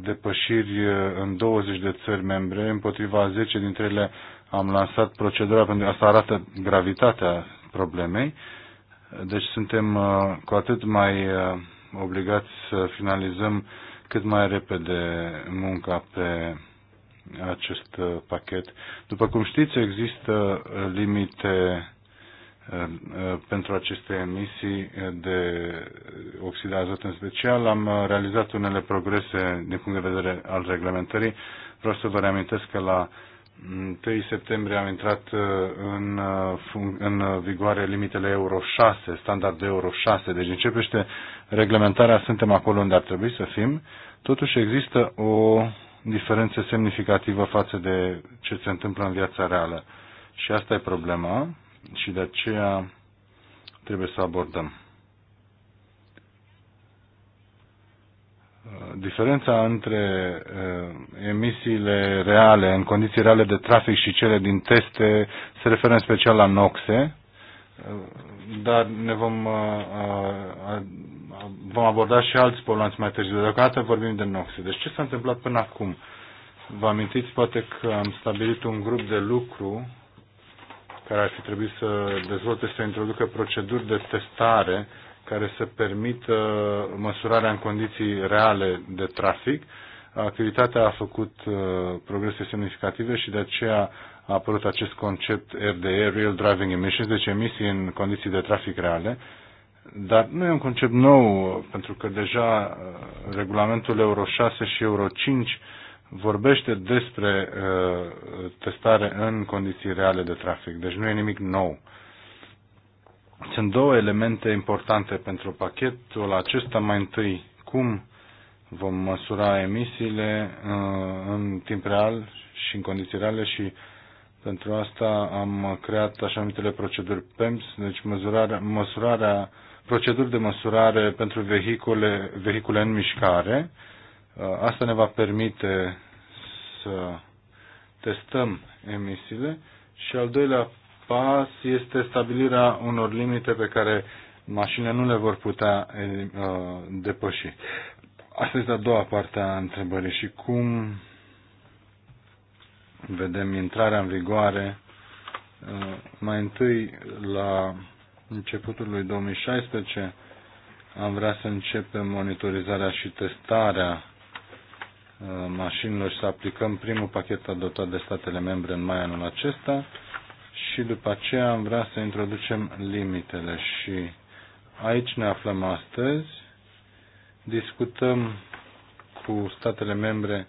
depășiri uh, în 20 de țări membre, împotriva 10 dintre ele am lansat procedura pentru că asta arată gravitatea problemei. Deci suntem cu atât mai obligați să finalizăm cât mai repede munca pe acest uh, pachet. După cum știți, există uh, limite uh, pentru aceste emisii de oxid azot în special. Am realizat unele progrese din punct de vedere al reglementării. Vreau să vă reamintesc că la 1 septembrie am intrat uh, în, uh, în uh, vigoare limitele Euro 6, standard de Euro 6, deci începește reglementarea, suntem acolo unde ar trebui să fim. Totuși există o diferență semnificativă față de ce se întâmplă în viața reală. Și asta e problema și de aceea trebuie să abordăm. diferența între uh, emisiile reale, în condiții reale de trafic și cele din teste, se referă în special la noxe, uh, dar ne vom, uh, vom aborda și alți poluanți mai târziu. Deocamdată vorbim de noxe. Deci ce s-a întâmplat până acum? Vă amintiți poate că am stabilit un grup de lucru care ar fi trebuit să dezvolte, să introducă proceduri de testare care să permită măsurarea în condiții reale de trafic. Activitatea a făcut uh, progrese semnificative și de aceea a apărut acest concept RDE, Real Driving Emissions, deci emisii în condiții de trafic reale. Dar nu e un concept nou, pentru că deja uh, regulamentul Euro 6 și Euro 5 vorbește despre uh, testare în condiții reale de trafic, deci nu e nimic nou. Uh, sunt două elemente importante pentru pachetul acesta. Mai întâi, cum vom măsura emisiile uh, în timp real și în condiții reale și pentru asta am creat așa numitele proceduri PEMS, deci măsurarea, măsurarea proceduri de măsurare pentru vehicule, vehicule în mișcare. Uh, asta ne va permite să testăm emisiile. Și al doilea pas este stabilirea unor limite pe care mașinile nu le vor putea eh, uh, depăși. Asta este a doua parte a întrebării și cum vedem intrarea în vigoare eh, mai întâi la începutul lui 2016 am vrea să începem monitorizarea și testarea eh, mașinilor și să aplicăm primul pachet adoptat de statele membre în mai anul acesta și după aceea am vrea să introducem limitele și aici ne aflăm astăzi. Discutăm cu statele membre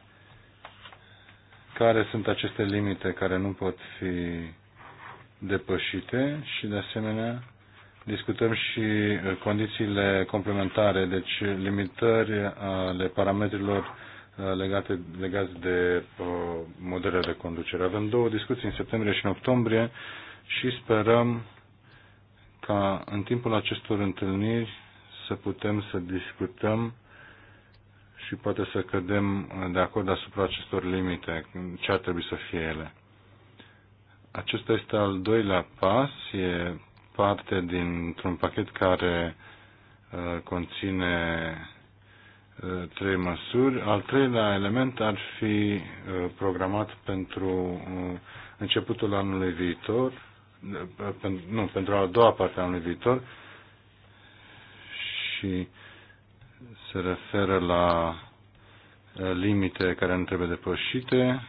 care sunt aceste limite care nu pot fi depășite și de asemenea discutăm și uh, condițiile complementare, deci limitări ale parametrilor Uh, legate, legați de uh, modele de conducere. Avem două discuții în septembrie și în octombrie și sperăm ca în timpul acestor întâlniri să putem să discutăm și poate să cădem de acord asupra acestor limite, ce ar trebui să fie ele. Acesta este al doilea pas, e parte dintr-un pachet care uh, conține Uh, trei măsuri. Al treilea element ar fi uh, programat pentru uh, începutul anului viitor, nu, pentru a doua parte a anului viitor și se referă la limite care nu trebuie depășite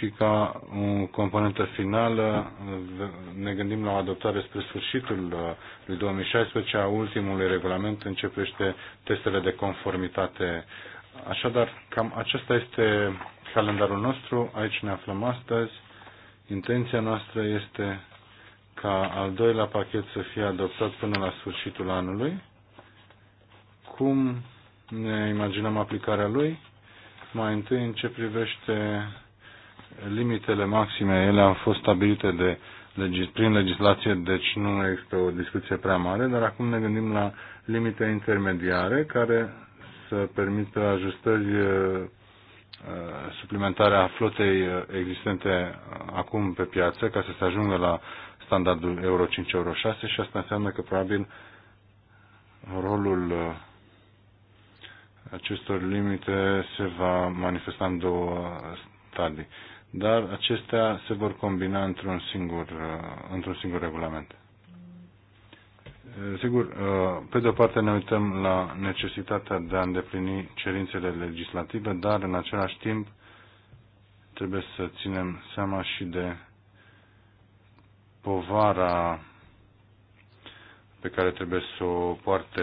și ca o componentă finală ne gândim la o adoptare spre sfârșitul uh, lui 2016 a ultimului regulament începește testele de conformitate. Așadar, cam acesta este calendarul nostru, aici ne aflăm astăzi. Intenția noastră este ca al doilea pachet să fie adoptat până la sfârșitul anului. Cum ne imaginăm aplicarea lui? Mai întâi, în ce privește limitele maxime, ele au fost stabilite de, legis, prin legislație, deci nu există o discuție prea mare, dar acum ne gândim la limite intermediare care să permită ajustări uh, uh, suplimentare a flotei uh, existente acum pe piață ca să se ajungă la standardul Euro 5, Euro 6 și asta înseamnă că probabil rolul acestor limite se va manifesta în două stadii dar acestea se vor combina într-un singur, uh, într-un singur regulament. Uh, sigur, uh, pe de o parte ne uităm la necesitatea de a îndeplini cerințele legislative, dar în același timp trebuie să ținem seama și de povara pe care trebuie să o poarte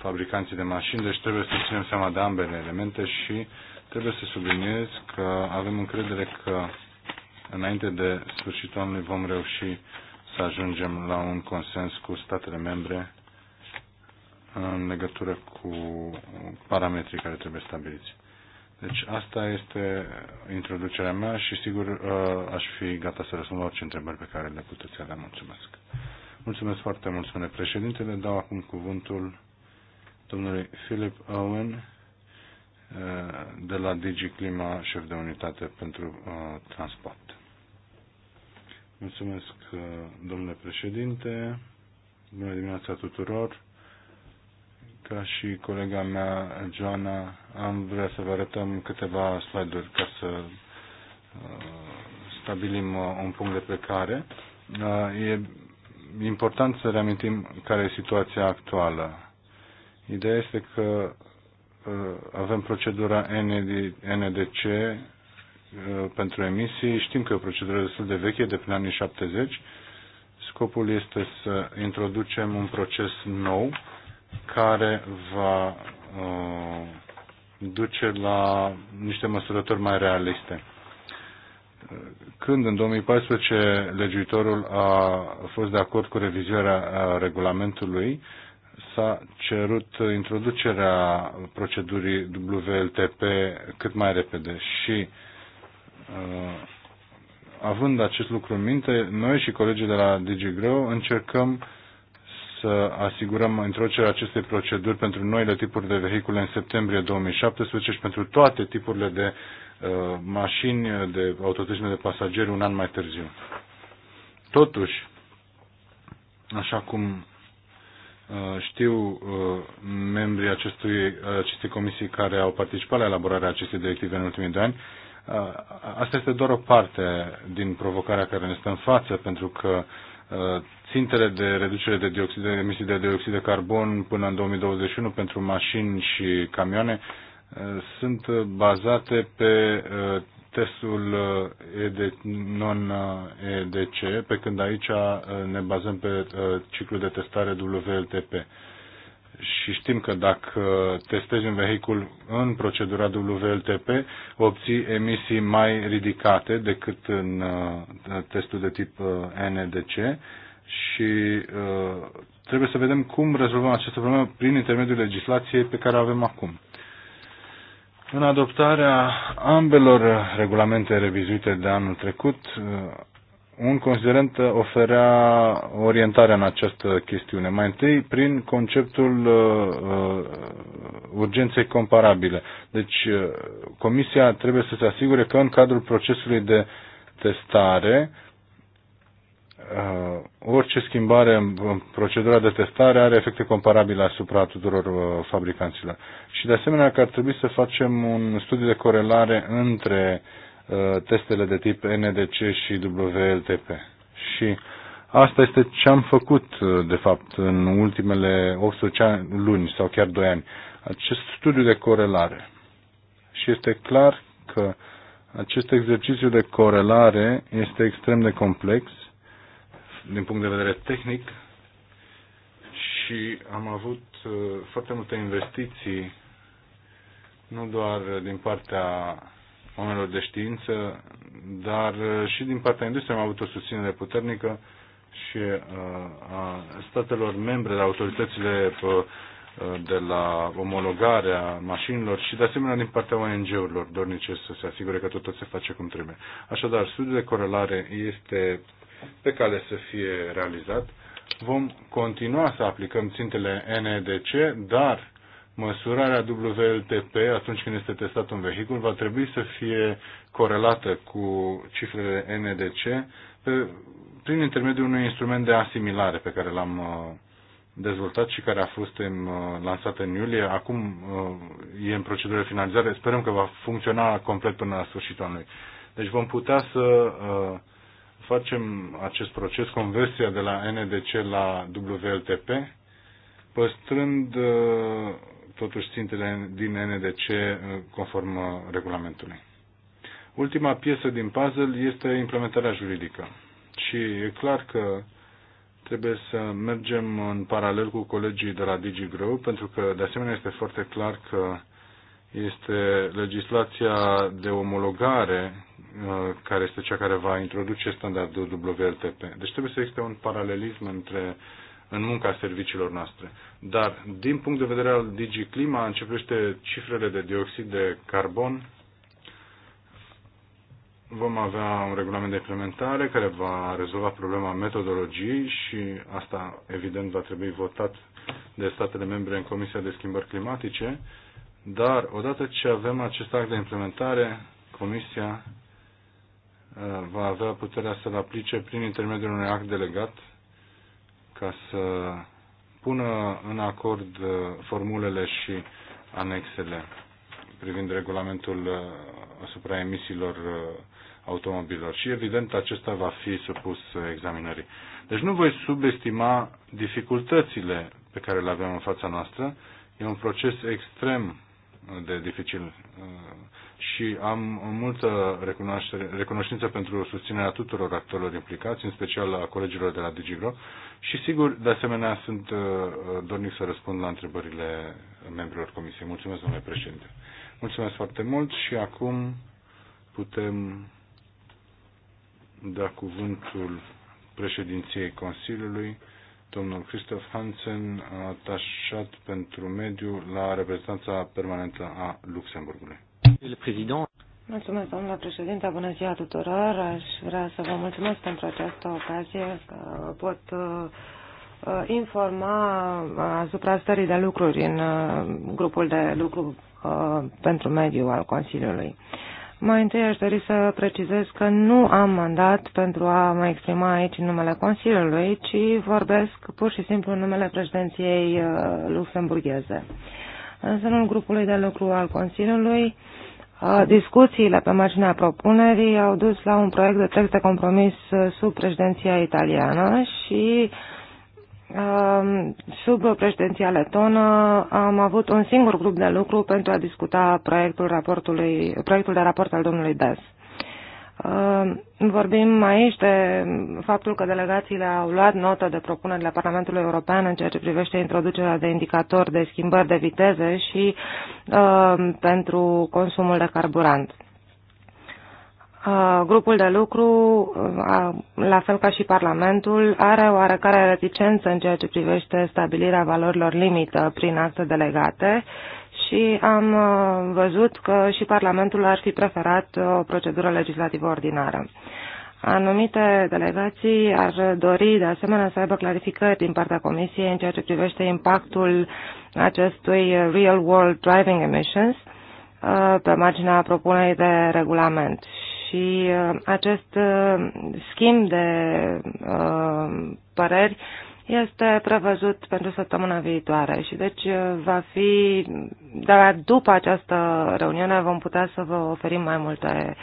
fabricanții de mașini, deci trebuie să ținem seama de ambele elemente și uh, Trebuie să subliniez că avem încredere că înainte de sfârșitul anului vom reuși să ajungem la un consens cu statele membre în legătură cu parametrii care trebuie stabiliți. Deci asta este introducerea mea și sigur uh, aș fi gata să răspund la orice întrebări pe care le puteți avea. Mulțumesc. Mulțumesc foarte mult, spune președintele. Dau acum cuvântul domnului Philip Owen Eh, de la DigiClima, șef de unitate pentru eh, transport. Mulțumesc, eh, domnule președinte. Bună dimineața tuturor. Ca și colega mea, Joana, am vrea să vă arătăm câteva slide-uri ca să stabilim un punct de plecare. E important să reamintim care e situația actuală. Ideea este că Uh, avem procedura NDC uh, pentru emisii. Știm că e o procedură destul de veche, de prin anii 70. Scopul este să introducem un proces nou care va uh, duce la niște măsurători mai realiste. Când în 2014 legiuitorul a fost de acord cu revizuirea regulamentului, s-a cerut introducerea procedurii WLTP cât mai repede și uh, având acest lucru în minte, noi și colegii de la DigiGrow încercăm să asigurăm introducerea acestei proceduri pentru noile tipuri de vehicule în septembrie 2017 și pentru toate tipurile de uh, mașini, de autoturisme de pasageri un an mai târziu. Totuși, așa cum Uh, știu uh, membrii acestui, acestei comisii care au participat la elaborarea acestei directive în ultimii doi ani. Uh, asta este doar o parte din provocarea care ne stă în față, pentru că țintele de reducere de, dioxid, de emisii de dioxid de carbon până în 2021 pentru mașini și camioane sunt bazate pe testul uh, non-EDC, uh, pe când aici uh, ne bazăm pe ciclul de testare WLTP. Și știm că dacă testezi un vehicul în procedura WLTP, obții emisii mai ridicate decât în testul de tip NEDC și trebuie să vedem cum rezolvăm această problemă prin intermediul legislației pe care o avem acum. În adoptarea ambelor regulamente revizuite de anul trecut, un considerent oferea orientarea în această chestiune. Mai întâi prin conceptul uh, uh urgenței comparabile. Deci uh, comisia trebuie să se asigure că în cadrul procesului de testare uh, orice schimbare în procedura de testare are efecte comparabile asupra tuturor uh, fabricanților. Și de asemenea că ar trebui să facem un studiu de corelare între uh, testele de tip NDC și WLTP. Și asta este ce am făcut, uh, de fapt, în ultimele 18 luni sau chiar 2 ani. Acest studiu de corelare. Și este clar că acest exercițiu de corelare este extrem de complex din punct de vedere tehnic și am avut uh, foarte multe investiții, nu doar din partea oamenilor de știință, dar uh, și din partea industriei am avut o susținere puternică și uh, a statelor membre, de autoritățile de la omologarea mașinilor și de asemenea din partea ONG-urilor dornice să se asigure că totul se face cum trebuie. Așadar, studiul de corelare este pe care să fie realizat. Vom continua să aplicăm țintele NEDC, dar măsurarea WLTP atunci când este testat un vehicul va trebui să fie corelată cu cifrele NDC pe, prin intermediul unui instrument de asimilare pe care l-am uh, dezvoltat și care a fost în, uh, lansat în iulie. Acum uh, e în procedură de finalizare. Sperăm că va funcționa complet până la sfârșitul anului. Deci vom putea să facem acest proces, conversia de la NDC la WLTP, păstrând uh, totuși țintele din NDC uh, conform uh, regulamentului. Ultima piesă din puzzle este implementarea juridică. Și e clar că trebuie să mergem în paralel cu colegii de la DigiGrow, pentru că de asemenea este foarte clar că este legislația de omologare Uh, care este cea care va introduce standardul WLTP. Deci trebuie să existe un paralelism între în munca serviciilor noastre. Dar, din punct de vedere al DigiClima, începește cifrele de dioxid de carbon. Vom avea un regulament de implementare care va rezolva problema metodologiei și asta, evident, va trebui votat de statele membre în Comisia de Schimbări Climatice. Dar, odată ce avem acest act de implementare, Comisia Uh, va avea puterea să-l aplice prin intermediul unui act delegat ca să pună în acord uh, formulele și anexele privind regulamentul uh, asupra emisiilor automobilor. Și evident acesta va fi supus examinării. Deci nu voi subestima dificultățile pe care le avem în fața noastră. E un proces extrem de dificil uh, și am multă recunoștință pentru susținerea tuturor actorilor implicați, în special a colegilor de la DigiGro și sigur, de asemenea, sunt uh, dornic să răspund la întrebările membrilor comisiei. Mulțumesc, domnule președinte. Mulțumesc foarte mult și acum putem da cuvântul președinției Consiliului domnul Christoph Hansen, atașat pentru mediu la reprezentanța permanentă a Luxemburgului. Mulțumesc, domnule președinte, bună ziua tuturor. Aș vrea să vă mulțumesc pentru această ocazie că pot uh, uh, informa asupra stării de lucruri în uh, grupul de lucru pentru mediu al Consiliului. Mai întâi aș dori să precizez că nu am mandat pentru a mă exprima aici în numele Consiliului, ci vorbesc pur și simplu în numele președinției uh, luxemburgheze. În sânul grupului de lucru al Consiliului, uh, discuțiile pe marginea propunerii au dus la un proiect de text de compromis uh, sub președinția italiană și uh, Sub președinția letonă am avut un singur grup de lucru pentru a discuta proiectul, raportului, proiectul de raport al domnului Des. Vorbim aici de faptul că delegațiile au luat notă de propunere la Parlamentul European în ceea ce privește introducerea de indicatori de schimbări de viteze și uh, pentru consumul de carburant grupul de lucru, la fel ca și Parlamentul, are oarecare reticență în ceea ce privește stabilirea valorilor limită prin acte delegate și am văzut că și Parlamentul ar fi preferat o procedură legislativă ordinară. Anumite delegații ar dori de asemenea să aibă clarificări din partea Comisiei în ceea ce privește impactul acestui Real World Driving Emissions pe marginea propunerii de regulament și uh, acest uh, schimb de uh, păreri este prevăzut pentru săptămâna viitoare și deci va fi, dar după această reuniune vom putea să vă oferim mai multe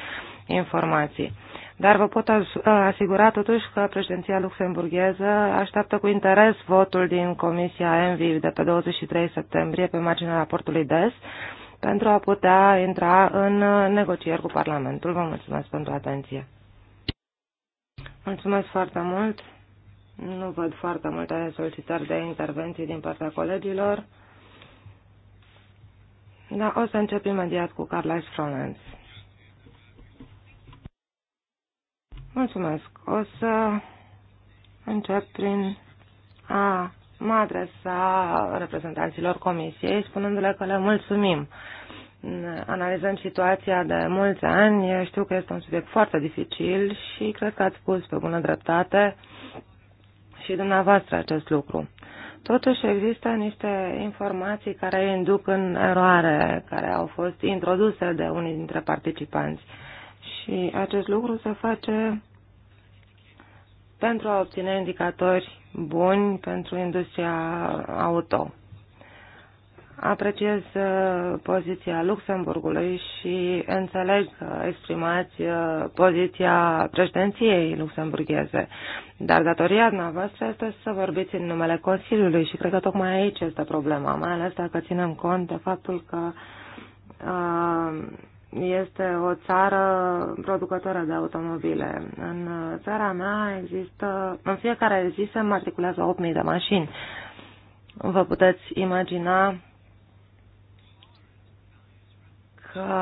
informații. Dar vă pot asigura totuși că președinția luxemburgheză așteaptă cu interes votul din Comisia ENVI de pe 23 septembrie pe marginea raportului DES pentru a putea intra în uh, negocieri cu Parlamentul. Vă mulțumesc pentru atenție. Mulțumesc foarte mult. Nu văd foarte multe solicitări de intervenții din partea colegilor. Da, o să încep imediat cu Carla Fronens. Mulțumesc. O să încep prin a mă adresa reprezentanților comisiei spunându-le că le mulțumim. Analizând situația de mulți ani, știu că este un subiect foarte dificil și cred că ați spus pe bună dreptate și dumneavoastră acest lucru. Totuși există niște informații care induc în eroare, care au fost introduse de unii dintre participanți. Și acest lucru se face pentru a obține indicatori buni pentru industria auto. Apreciez uh, poziția Luxemburgului și înțeleg că uh, exprimați uh, poziția președinției luxemburgheze. Dar datoria dumneavoastră este să vorbiți în numele Consiliului și cred că tocmai aici este problema, mai ales dacă ținem cont de faptul că uh, este o țară producătoare de automobile. În țara mea există, în fiecare zi se matriculează 8.000 de mașini. Vă puteți imagina că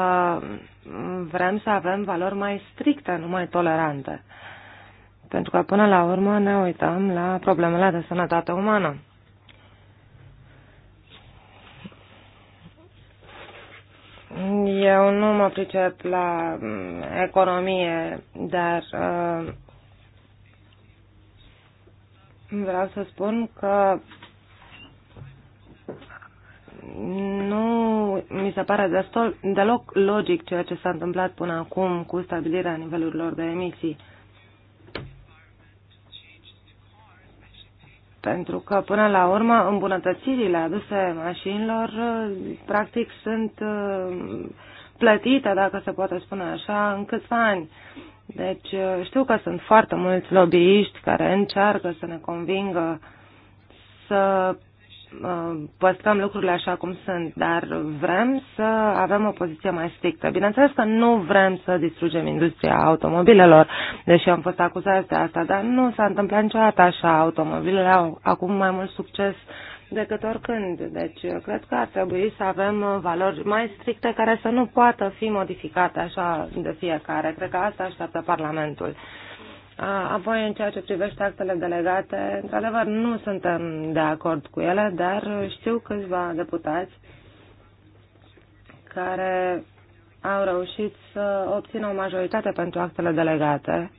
vrem să avem valori mai stricte, nu mai tolerante. Pentru că până la urmă ne uităm la problemele de sănătate umană. Eu nu mă pricep la mm, economie, dar uh, vreau să spun că nu mi se pare destul, deloc logic ceea ce s-a întâmplat până acum cu stabilirea nivelurilor de emisii. Pentru că, până la urmă, îmbunătățirile aduse mașinilor, uh, practic, sunt uh, plătite, dacă se poate spune așa, în câțiva ani. Deci uh, știu că sunt foarte mulți lobbyiști care încearcă să ne convingă să Uh, păstrăm lucrurile așa cum sunt, dar vrem să avem o poziție mai strictă. Bineînțeles că nu vrem să distrugem industria automobilelor, deși am fost acuzați de asta, dar nu s-a întâmplat niciodată așa. Automobilele au acum mai mult succes decât oricând. Deci, cred că ar trebui să avem valori mai stricte care să nu poată fi modificate așa de fiecare. Cred că asta așteaptă Parlamentul. Apoi, în ceea ce privește actele delegate, într-adevăr, nu suntem de acord cu ele, dar știu câțiva deputați care au reușit să obțină o majoritate pentru actele delegate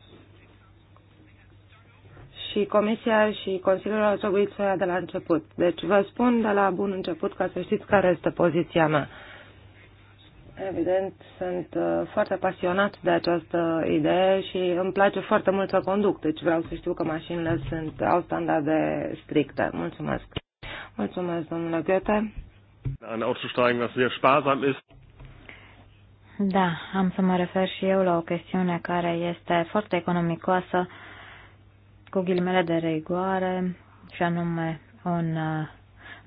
și Comisia și Consiliul au trebuit să ia de la început. Deci vă spun de la bun început ca să știți care este poziția mea. Evident, sunt uh, foarte pasionat de această idee și îmi place foarte mult să conduc, deci vreau să știu că mașinile sunt, au standarde stricte. Mulțumesc. Mulțumesc, domnule Goethe. Ein auszusteigen, was sehr sparsam ist. Da, am să mă refer și eu la o chestiune care este foarte economicoasă, cu ghilimele de rigoare, și anume un uh,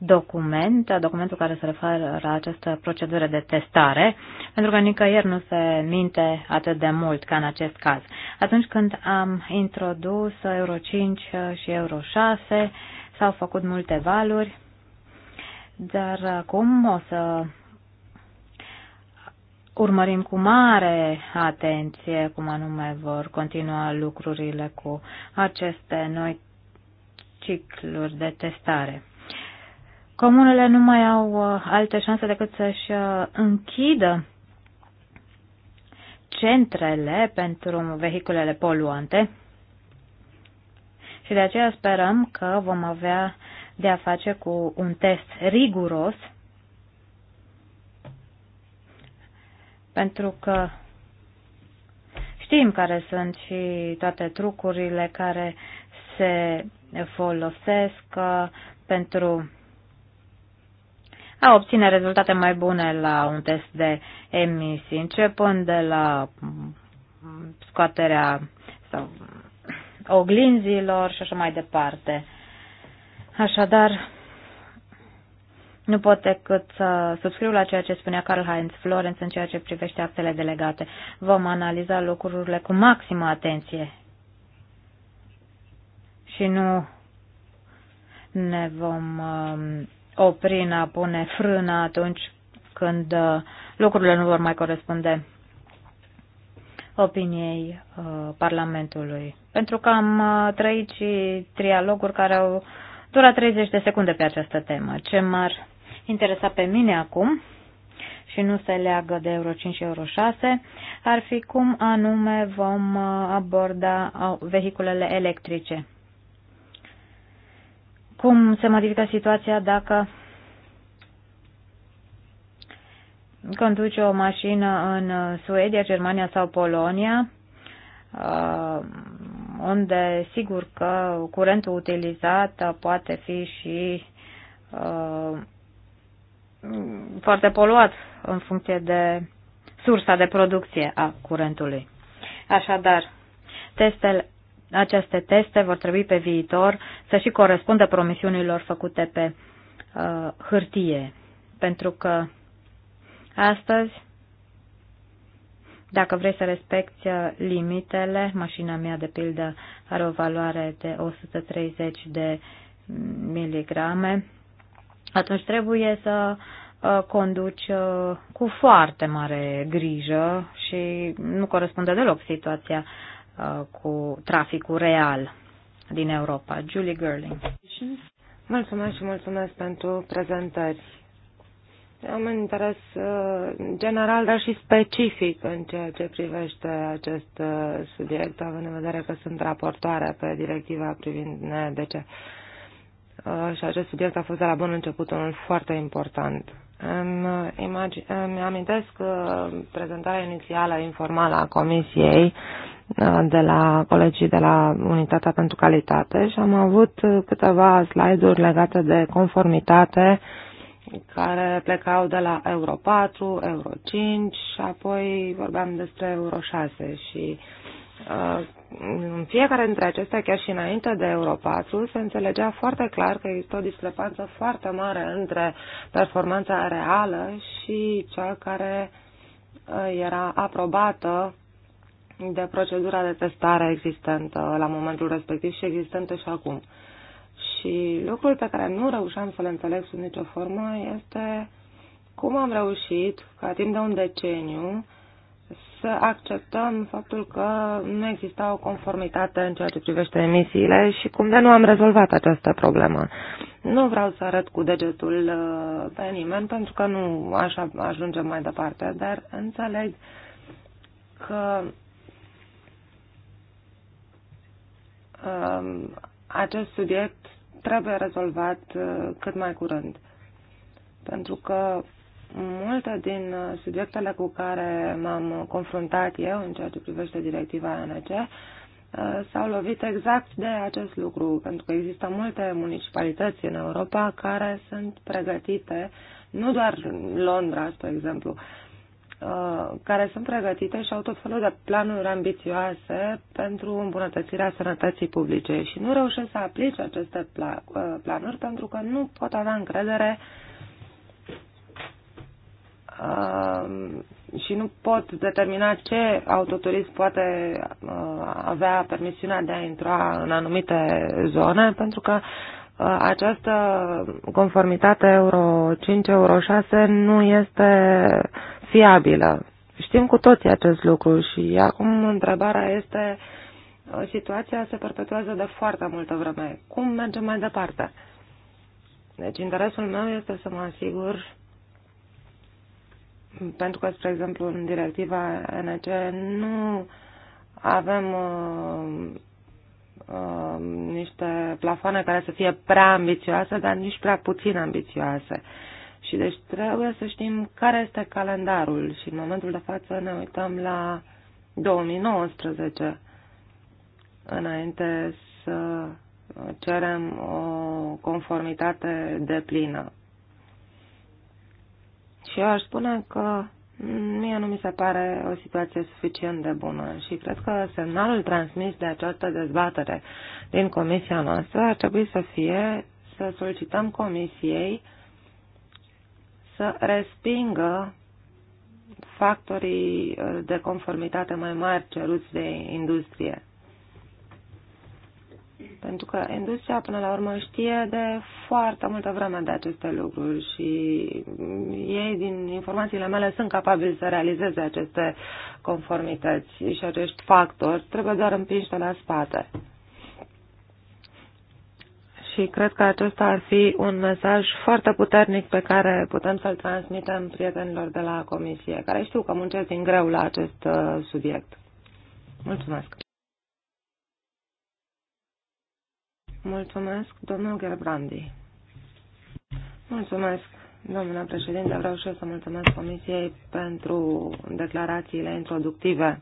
document, documentul care se referă la această procedură de testare, pentru că nicăieri nu se minte atât de mult ca în acest caz. Atunci când am introdus Euro 5 și Euro 6, s-au făcut multe valuri, dar acum o să urmărim cu mare atenție cum anume vor continua lucrurile cu aceste noi cicluri de testare. Comunele nu mai au uh, alte șanse decât să-și uh, închidă centrele pentru vehiculele poluante și de aceea sperăm că vom avea de a face cu un test riguros pentru că știm care sunt și toate trucurile care se folosesc uh, pentru a obține rezultate mai bune la un test de emisii, începând de la mm, scoaterea sau oglinzilor și așa mai departe. Așadar, nu pot decât să subscriu la ceea ce spunea Carl Heinz Florenz în ceea ce privește actele delegate. Vom analiza lucrurile cu maximă atenție și nu ne vom um, opri în a pune frână atunci când uh, lucrurile nu vor mai corespunde opiniei uh, Parlamentului. Pentru că am uh, trăit și trialoguri care au durat 30 de secunde pe această temă. Ce m-ar interesa pe mine acum și nu se leagă de Euro 5 și Euro 6, ar fi cum anume vom aborda vehiculele electrice cum se modifică situația dacă conduce o mașină în Suedia, Germania sau Polonia, uh, unde sigur că curentul utilizat poate fi și uh, foarte poluat în funcție de sursa de producție a curentului. Așadar, testele aceste teste vor trebui pe viitor să și corespundă promisiunilor făcute pe uh, hârtie. Pentru că astăzi, dacă vrei să respecti uh, limitele, mașina mea, de pildă, are o valoare de 130 de mm, miligrame, atunci trebuie să uh, conduci uh, cu foarte mare grijă și nu corespunde deloc situația Uh, cu traficul real din Europa. Julie Gerling. Mulțumesc și mulțumesc pentru prezentări. Am un interes uh, general, dar și specific în ceea ce privește acest uh, subiect, având în vedere că sunt raportoare pe directiva privind NDC. Și acest subiect a fost de la bun început unul foarte important. Îmi, amintesc prezentarea inițială informală a Comisiei de la colegii de la Unitatea pentru Calitate și am avut câteva slide-uri legate de conformitate care plecau de la Euro 4, Euro 5 și apoi vorbeam despre Euro 6 și uh, în fiecare dintre acestea, chiar și înainte de Euro 4, se înțelegea foarte clar că există o discrepanță foarte mare între performanța reală și cea care uh, era aprobată de procedura de testare existentă la momentul respectiv și existentă și acum. Și lucrul pe care nu reușeam să-l înțeleg sub nicio formă este cum am reușit, ca timp de un deceniu, să acceptăm faptul că nu exista o conformitate în ceea ce privește emisiile și cum de nu am rezolvat această problemă. Nu vreau să arăt cu degetul uh, pe nimeni, pentru că nu așa ajungem mai departe, dar înțeleg că Um, acest subiect trebuie rezolvat uh, cât mai curând. Pentru că multe din uh, subiectele cu care m-am confruntat eu în ceea ce privește directiva ANC uh, s-au lovit exact de acest lucru, pentru că există multe municipalități în Europa care sunt pregătite, nu doar Londra, spre exemplu, Uh, care sunt pregătite și au tot felul de planuri ambițioase pentru îmbunătățirea sănătății publice și nu reușesc să aplice aceste uh, planuri pentru că nu pot avea încredere uh, și nu pot determina ce autoturism poate avea permisiunea de a intra în anumite zone pentru că această conformitate Euro 5, Euro 6 nu este uh, fiabilă. Știm cu toții acest lucru și acum întrebarea este, uh, situația se perpetuează de foarte multă vreme. Cum mergem mai departe? Deci interesul meu este să mă asigur, pentru că, spre exemplu, în directiva NC nu avem uh, uh, niște plafoane care să fie prea ambițioase, dar nici prea puțin ambițioase. Uh, și deci trebuie să știm care este calendarul și în momentul de față ne uităm la 2019 înainte să cerem o conformitate de plină. Și eu aș spune că mie nu mi se pare o situație suficient de bună și cred că semnalul transmis de această dezbatere din comisia noastră ar trebui să fie să solicităm comisiei să respingă factorii uh, de conformitate mai mari ceruți de industrie. Pentru că industria, până la urmă, știe de foarte multă vreme de aceste lucruri și ei, din informațiile mele, sunt capabili să realizeze aceste conformități și acești factori. Trebuie doar împinși de la spate și cred că acesta ar fi un mesaj foarte puternic pe care putem să-l transmitem prietenilor de la Comisie, care știu că muncesc din greu la acest uh, subiect. Mulțumesc! Mulțumesc, domnul Gerbrandi. Mulțumesc, domnule președinte. Vreau și eu să mulțumesc Comisiei pentru declarațiile introductive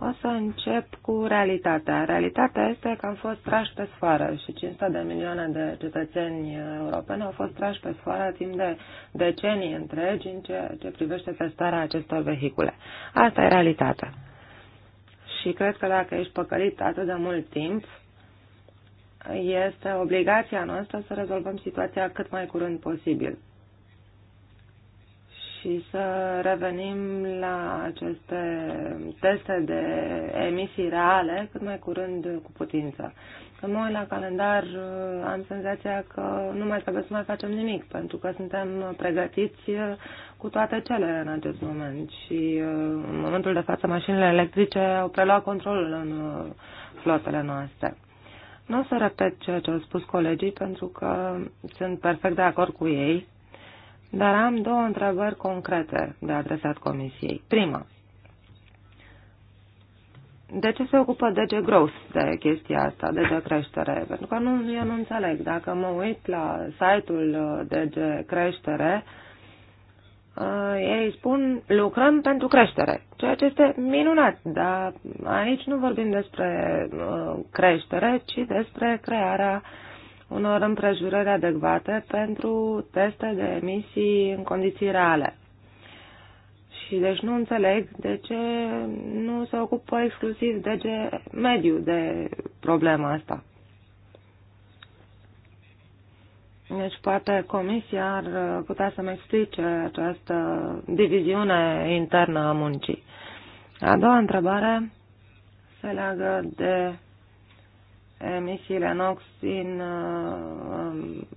o să încep cu realitatea. Realitatea este că am fost trași pe sfoară și 500 de milioane de cetățeni europeni au fost trași pe sfoară timp de decenii întregi în ceea ce privește testarea acestor vehicule. Asta e realitatea. Și cred că dacă ești păcălit atât de mult timp, este obligația noastră să rezolvăm situația cât mai curând posibil și să revenim la aceste teste de emisii reale cât mai curând cu putință. Când mă uit la calendar, am senzația că nu mai trebuie să mai facem nimic, pentru că suntem pregătiți cu toate cele în acest moment. Și în momentul de față, mașinile electrice au preluat controlul în flotele noastre. Nu o să repet ceea ce au spus colegii, pentru că sunt perfect de acord cu ei dar am două întrebări concrete de adresat Comisiei. Prima, de ce se ocupă DG Growth de chestia asta, DG Creștere? Pentru că nu, eu nu înțeleg. Dacă mă uit la site-ul uh, DG Creștere, uh, ei spun lucrăm pentru creștere, ceea ce este minunat, dar aici nu vorbim despre uh, creștere, ci despre crearea uh, unor împrejurări adecvate pentru teste de emisii în condiții reale. Și deci nu înțeleg de ce nu se ocupă exclusiv de ce Mediu de problema asta. Deci poate comisia ar putea să-mi explice această diviziune internă a muncii. A doua întrebare se leagă de emisiile NOx din uh, um,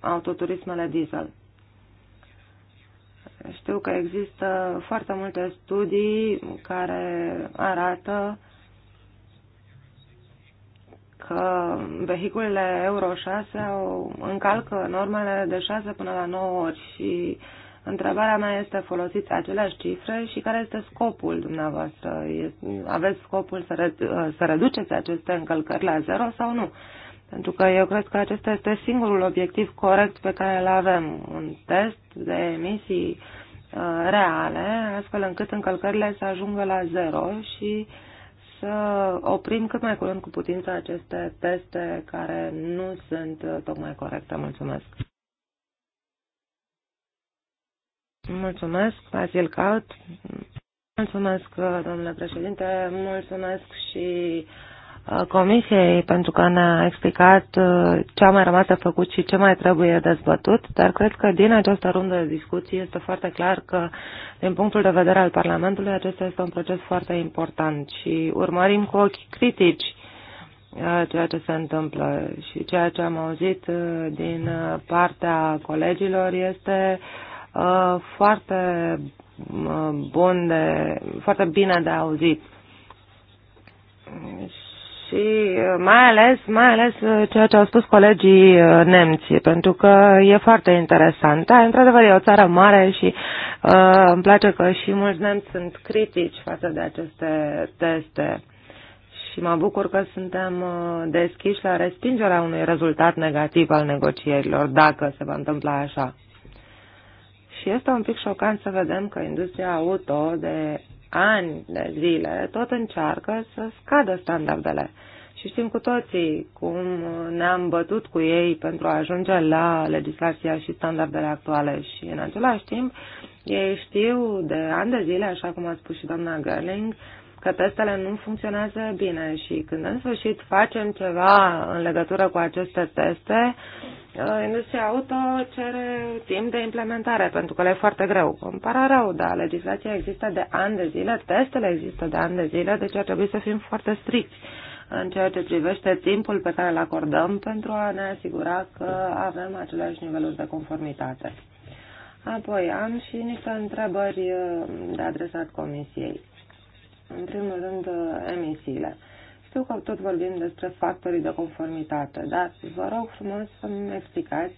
autoturismele diesel. Știu că există foarte multe studii care arată că vehiculele Euro 6 încalcă normele de 6 până la 9 ori și uh, Întrebarea mea este, folosiți aceleași cifre și care este scopul dumneavoastră? Aveți scopul să, re să reduceți aceste încălcări la zero sau nu? Pentru că eu cred că acesta este singurul obiectiv corect pe care îl avem, un test de emisii uh, reale, astfel încât încălcările să ajungă la zero și să oprim cât mai curând cu putință aceste teste care nu sunt uh, tocmai corecte. Mulțumesc! Mulțumesc, Basil Caut. Mulțumesc, domnule președinte. Mulțumesc și uh, Comisiei pentru că ne-a explicat uh, ce a mai rămas de făcut și ce mai trebuie dezbătut, dar cred că din această rundă de discuții este foarte clar că, din punctul de vedere al Parlamentului, acesta este un proces foarte important și urmărim cu ochi critici uh, ceea ce se întâmplă și ceea ce am auzit din partea colegilor este uh, Uh, foarte uh, bun de, foarte bine de auzit. Și mai ales, mai ales uh, ceea ce au spus colegii nemți, pentru că e foarte interesant. Da, într-adevăr e o țară mare și uh, îmi place că și mulți nemți sunt critici față de aceste teste. Și mă bucur că suntem deschiși la respingerea unui rezultat negativ al negocierilor, dacă se va întâmpla așa. Și este un pic șocant să vedem că industria auto de ani de zile tot încearcă să scadă standardele. Și știm cu toții cum ne-am bătut cu ei pentru a ajunge la legislația și standardele actuale și în același timp ei știu de ani de zile, așa cum a spus și doamna Gerling, că testele nu funcționează bine și când în sfârșit facem ceva în legătură cu aceste teste, Uh, industria auto cere timp de implementare, pentru că le e foarte greu. Îmi pare rău, dar legislația există de ani de zile, testele există de ani de zile, deci ar trebui să fim foarte stricți în ceea ce privește timpul pe care îl acordăm pentru a ne asigura că avem aceleași niveluri de conformitate. Apoi am și niște întrebări uh, de adresat Comisiei. În primul rând, uh, emisiile. Știu că tot vorbim despre factorii de conformitate, dar vă rog frumos să-mi explicați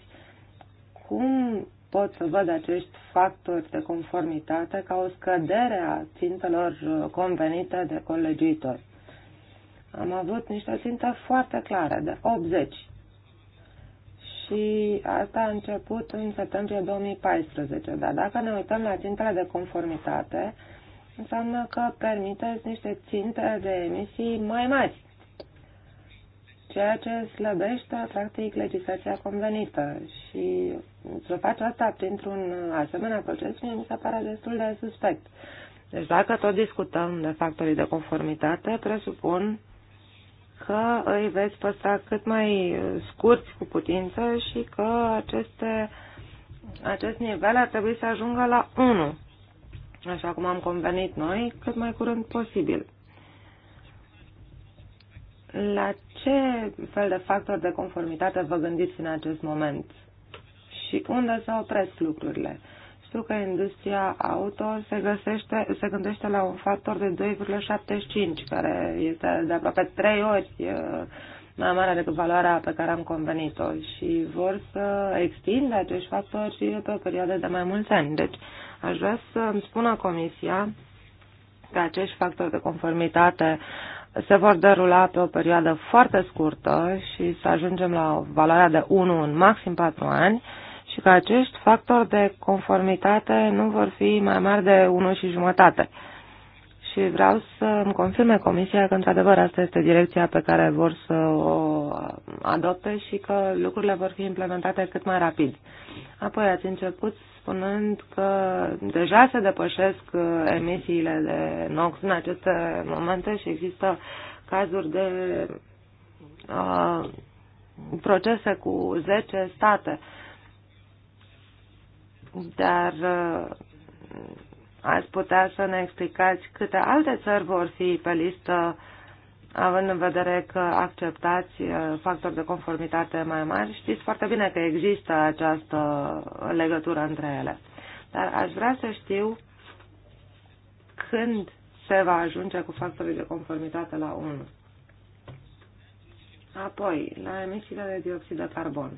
cum pot să văd acești factori de conformitate ca o scădere a țintelor convenite de colegiuitori. Am avut niște ținte foarte clare, de 80. Și asta a început în septembrie 2014. Dar dacă ne uităm la țintele de conformitate, înseamnă că permiteți niște ținte de emisii mai mari, ceea ce slăbește, practic, legislația convenită. Și să faci asta printr-un asemenea proces, mie mi se pare destul de suspect. Deci dacă tot discutăm de factorii de conformitate, presupun că îi veți păstra cât mai scurți cu putință și că aceste, acest nivel ar trebui să ajungă la 1 așa cum am convenit noi, cât mai curând posibil. La ce fel de factor de conformitate vă gândiți în acest moment? Și unde se opresc lucrurile? Știu că industria auto se, găsește, se gândește la un factor de 2,75, care este de aproape 3 ori mai mare decât valoarea pe care am convenit-o și vor să extindă acești factori pe o perioadă de mai mulți ani. Deci, Aș vrea să îmi spună Comisia că acești factori de conformitate se vor derula pe o perioadă foarte scurtă și să ajungem la valoarea de 1 în maxim 4 ani și că acești factori de conformitate nu vor fi mai mari de 1 și jumătate. Și vreau să îmi confirme Comisia că, într-adevăr, asta este direcția pe care vor să o adopte și că lucrurile vor fi implementate cât mai rapid. Apoi ați început spunând că deja se depășesc uh, emisiile de NOx în aceste momente și există cazuri de uh, procese cu 10 state. Dar uh, ați putea să ne explicați câte alte țări vor fi pe listă uh, având în vedere că acceptați uh, factori de conformitate mai mari, știți foarte bine că există această legătură între ele. Dar aș vrea să știu când se va ajunge cu factorii de conformitate la 1. Apoi, la emisiile de dioxid de carbon.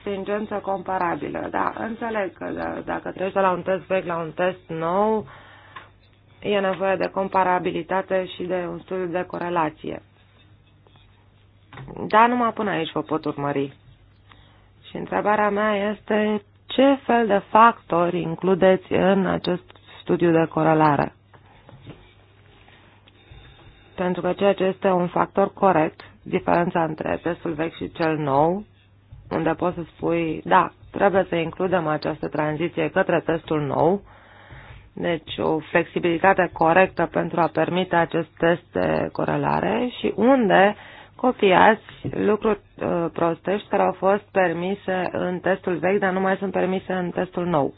Stringență comparabilă. Da, înțeleg că dacă treci de la un test vechi la un test nou, e nevoie de comparabilitate și de un studiu de corelație. Da, numai până aici vă pot urmări. Și întrebarea mea este ce fel de factori includeți în acest studiu de corelare? Pentru că ceea ce este un factor corect, diferența între testul vechi și cel nou, unde poți să spui, da, trebuie să includem această tranziție către testul nou, deci o flexibilitate corectă pentru a permite acest test de corelare și unde copiați lucruri uh, prostești care au fost permise în testul vechi, dar nu mai sunt permise în testul nou.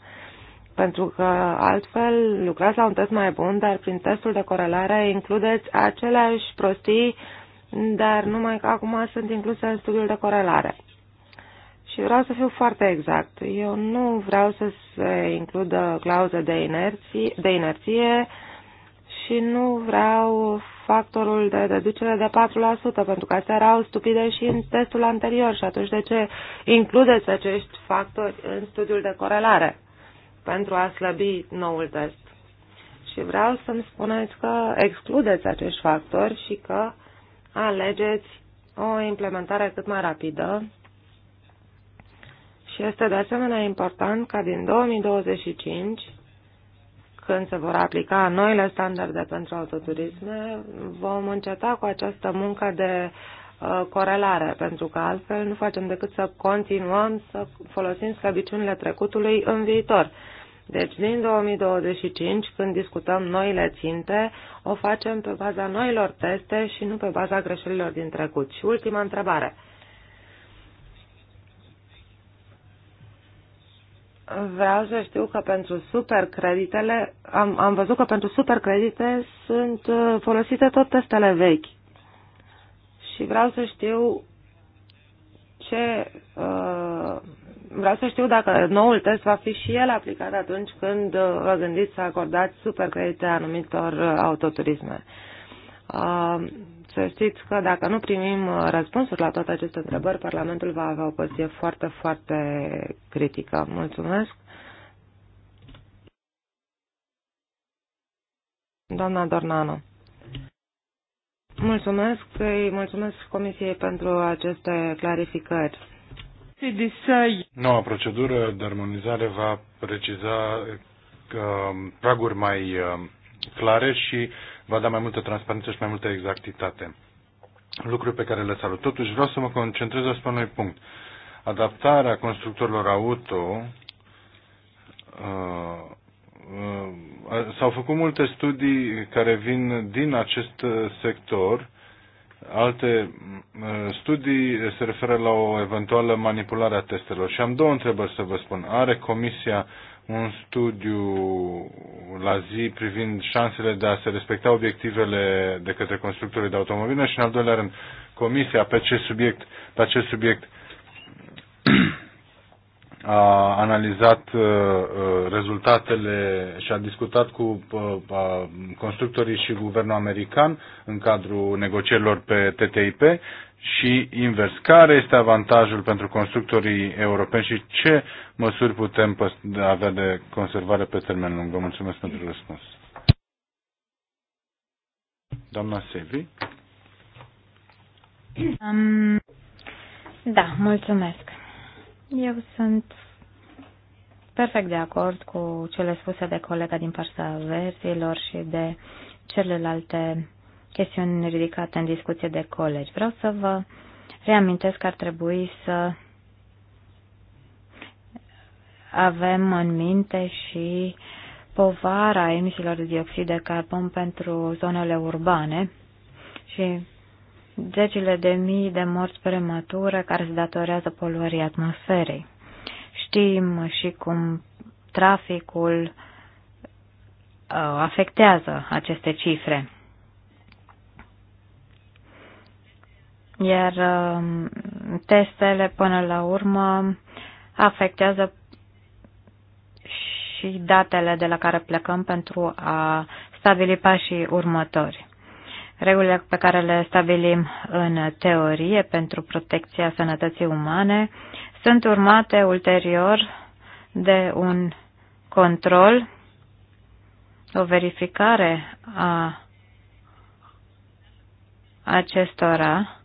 Pentru că altfel lucrați la un test mai bun, dar prin testul de corelare includeți aceleași prostii, dar numai că acum sunt incluse în studiul de corelare vreau să fiu foarte exact. Eu nu vreau să se includă clauze de inerție, de inerție și nu vreau factorul de deducere de 4%, pentru că astea erau stupide și în testul anterior și atunci de ce includeți acești factori în studiul de corelare pentru a slăbi noul test? Și vreau să-mi spuneți că excludeți acești factori și că alegeți o implementare cât mai rapidă și este de asemenea important ca din 2025, când se vor aplica noile standarde pentru autoturisme, vom înceta cu această muncă de uh, corelare, pentru că altfel nu facem decât să continuăm să folosim slăbiciunile trecutului în viitor. Deci, din 2025, când discutăm noile ținte, o facem pe baza noilor teste și nu pe baza greșelilor din trecut. Și ultima întrebare. Vreau să știu că pentru supercreditele, am, am văzut că pentru supercredite sunt uh, folosite tot testele vechi. Și vreau să știu ce, uh, vreau să știu dacă noul test va fi și el aplicat atunci când uh, vă gândiți să acordați supercredite anumitor uh, autoturisme. Uh, să știți că dacă nu primim uh, răspunsuri la toate aceste întrebări, Parlamentul va avea o poziție foarte, foarte critică. Mulțumesc. Doamna Dornano. Mulțumesc, îi mulțumesc Comisiei pentru aceste clarificări. Noua procedură de armonizare va preciza uh, praguri mai uh, clare și va da mai multă transparență și mai multă exactitate. Lucruri pe care le salut. Totuși vreau să mă concentrez asupra unui punct. Adaptarea constructorilor auto uh, uh s-au făcut multe studii care vin din acest sector. Alte uh, studii se referă la o eventuală manipulare a testelor. Și am două întrebări să vă spun. Are Comisia un studiu la zi privind șansele de a se respecta obiectivele de către constructorii de automobile și, în al doilea rând, comisia pe acest subiect, pe acest subiect a analizat uh, uh, rezultatele și a discutat cu uh, constructorii și guvernul american în cadrul negocierilor pe TTIP și invers. Care este avantajul pentru constructorii europeni și ce măsuri putem avea de conservare pe termen lung? Vă mulțumesc pentru răspuns. Doamna Sevi. Um, da, mulțumesc. Eu sunt perfect de acord cu cele spuse de colega din partea verzilor și de celelalte chestiuni ridicate în discuție de colegi. Vreau să vă reamintesc că ar trebui să avem în minte și povara emisiilor de dioxid de carbon pentru zonele urbane și zecile de mii de morți premature care se datorează poluării atmosferei. Știm și cum traficul uh, afectează aceste cifre. Iar um, testele, până la urmă, afectează și datele de la care plecăm pentru a stabili pașii următori regulile pe care le stabilim în teorie pentru protecția sănătății umane sunt urmate ulterior de un control, o verificare a acestora,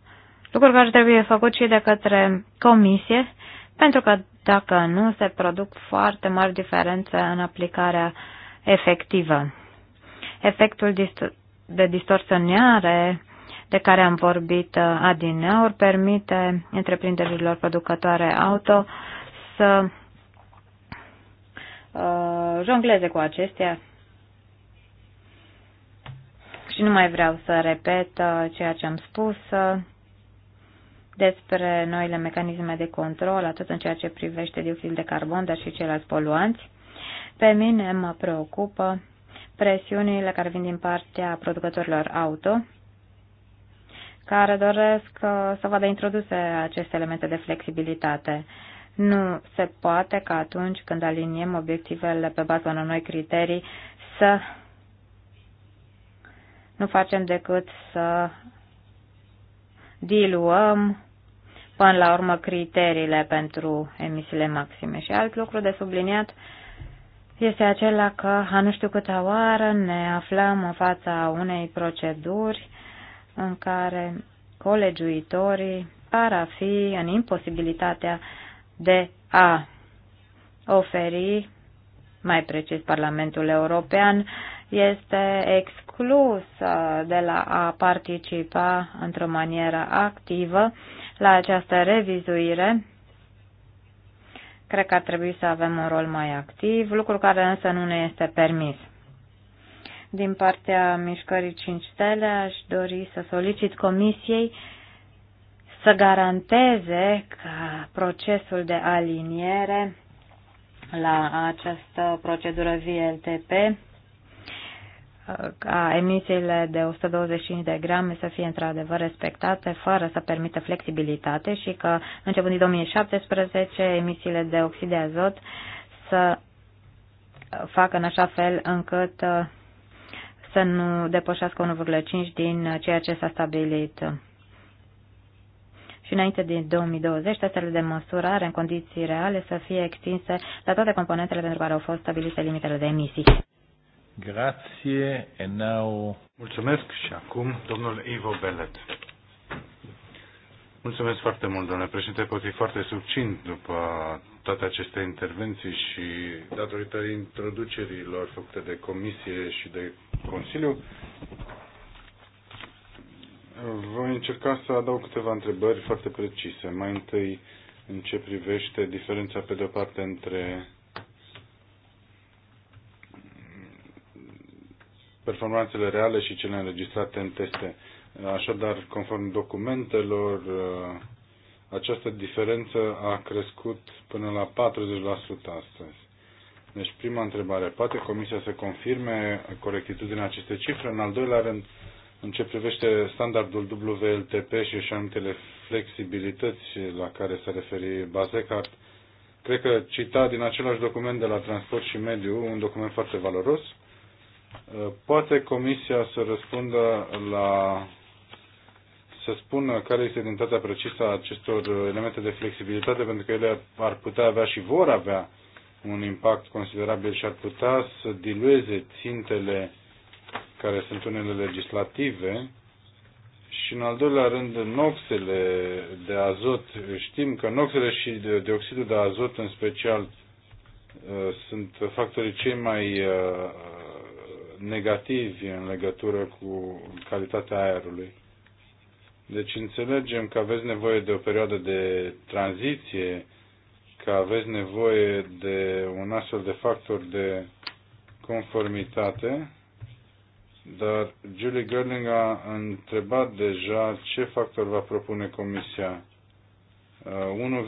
lucruri care trebuie făcut și de către comisie, pentru că dacă nu, se produc foarte mari diferențe în aplicarea efectivă. Efectul de distorsionare de care am vorbit uh, adineori permite întreprinderilor producătoare auto să uh, jongleze cu acestea. Și nu mai vreau să repet uh, ceea ce am spus uh, despre noile mecanisme de control, atât în ceea ce privește dioxidul de carbon, dar și ceilalți poluanți. Pe mine mă preocupă presiunile care vin din partea producătorilor auto, care doresc uh, să vadă introduse aceste elemente de flexibilitate. Nu se poate ca atunci când aliniem obiectivele pe baza unor noi criterii să nu facem decât să diluăm până la urmă criteriile pentru emisiile maxime. Și alt lucru de subliniat este acela că, a nu știu câta oară, ne aflăm în fața unei proceduri în care colegiuitorii par a fi în imposibilitatea de a oferi, mai precis Parlamentul European, este exclus uh, de la a participa într-o manieră activă la această revizuire Cred că ar trebui să avem un rol mai activ, lucru care însă nu ne este permis. Din partea Mișcării 5 Stele aș dori să solicit Comisiei să garanteze că procesul de aliniere la această procedură VLTP ca emisiile de 125 de grame să fie într-adevăr respectate fără să permită flexibilitate și că începând din 2017 emisiile de oxid de azot să facă în așa fel încât uh, să nu depășească 1,5 din ceea ce s-a stabilit. Și înainte din 2020, testele de măsurare în condiții reale să fie extinse la toate componentele pentru care au fost stabilite limitele de emisii. Grație, enau. Mulțumesc și acum domnul Ivo Belet. Mulțumesc foarte mult, domnule președinte. Pot fi foarte succint după toate aceste intervenții și datorită introducerilor făcute de Comisie și de Consiliu, voi încerca să adaug câteva întrebări foarte precise. Mai întâi, în ce privește diferența, pe de-o parte, între performanțele reale și cele înregistrate în teste. Așadar, conform documentelor, uh, această diferență a crescut până la 40% astăzi. Deci, prima întrebare, poate Comisia să confirme corectitudinea acestei cifre? În al doilea rând, în ce privește standardul WLTP și șantele flexibilități la care se referi Bazecart, cred că cita din același document de la Transport și Mediu, un document foarte valoros, Uh, poate Comisia să răspundă la să spună care este identitatea precisă a acestor elemente de flexibilitate, pentru că ele ar putea avea și vor avea un impact considerabil și ar putea să dilueze țintele care sunt unele legislative și în al doilea rând noxele de azot. Știm că noxele și dioxidul de azot în special uh, sunt factorii cei mai uh, negativi în legătură cu calitatea aerului. Deci înțelegem că aveți nevoie de o perioadă de tranziție, că aveți nevoie de un astfel de factor de conformitate, dar Julie Gerling a întrebat deja ce factor va propune Comisia. 1, uh,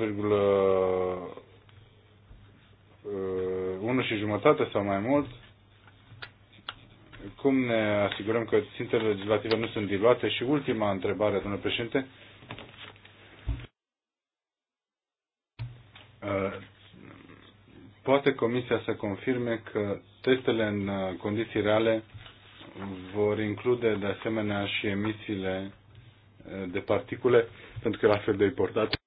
1 uh, și jumătate sau mai mult cum ne asigurăm că țintele legislative nu sunt diluate? Și ultima întrebare, domnule președinte. Uh, poate Comisia să confirme că testele în uh, condiții reale vor include de asemenea și emisiile uh, de particule, pentru că la fel de important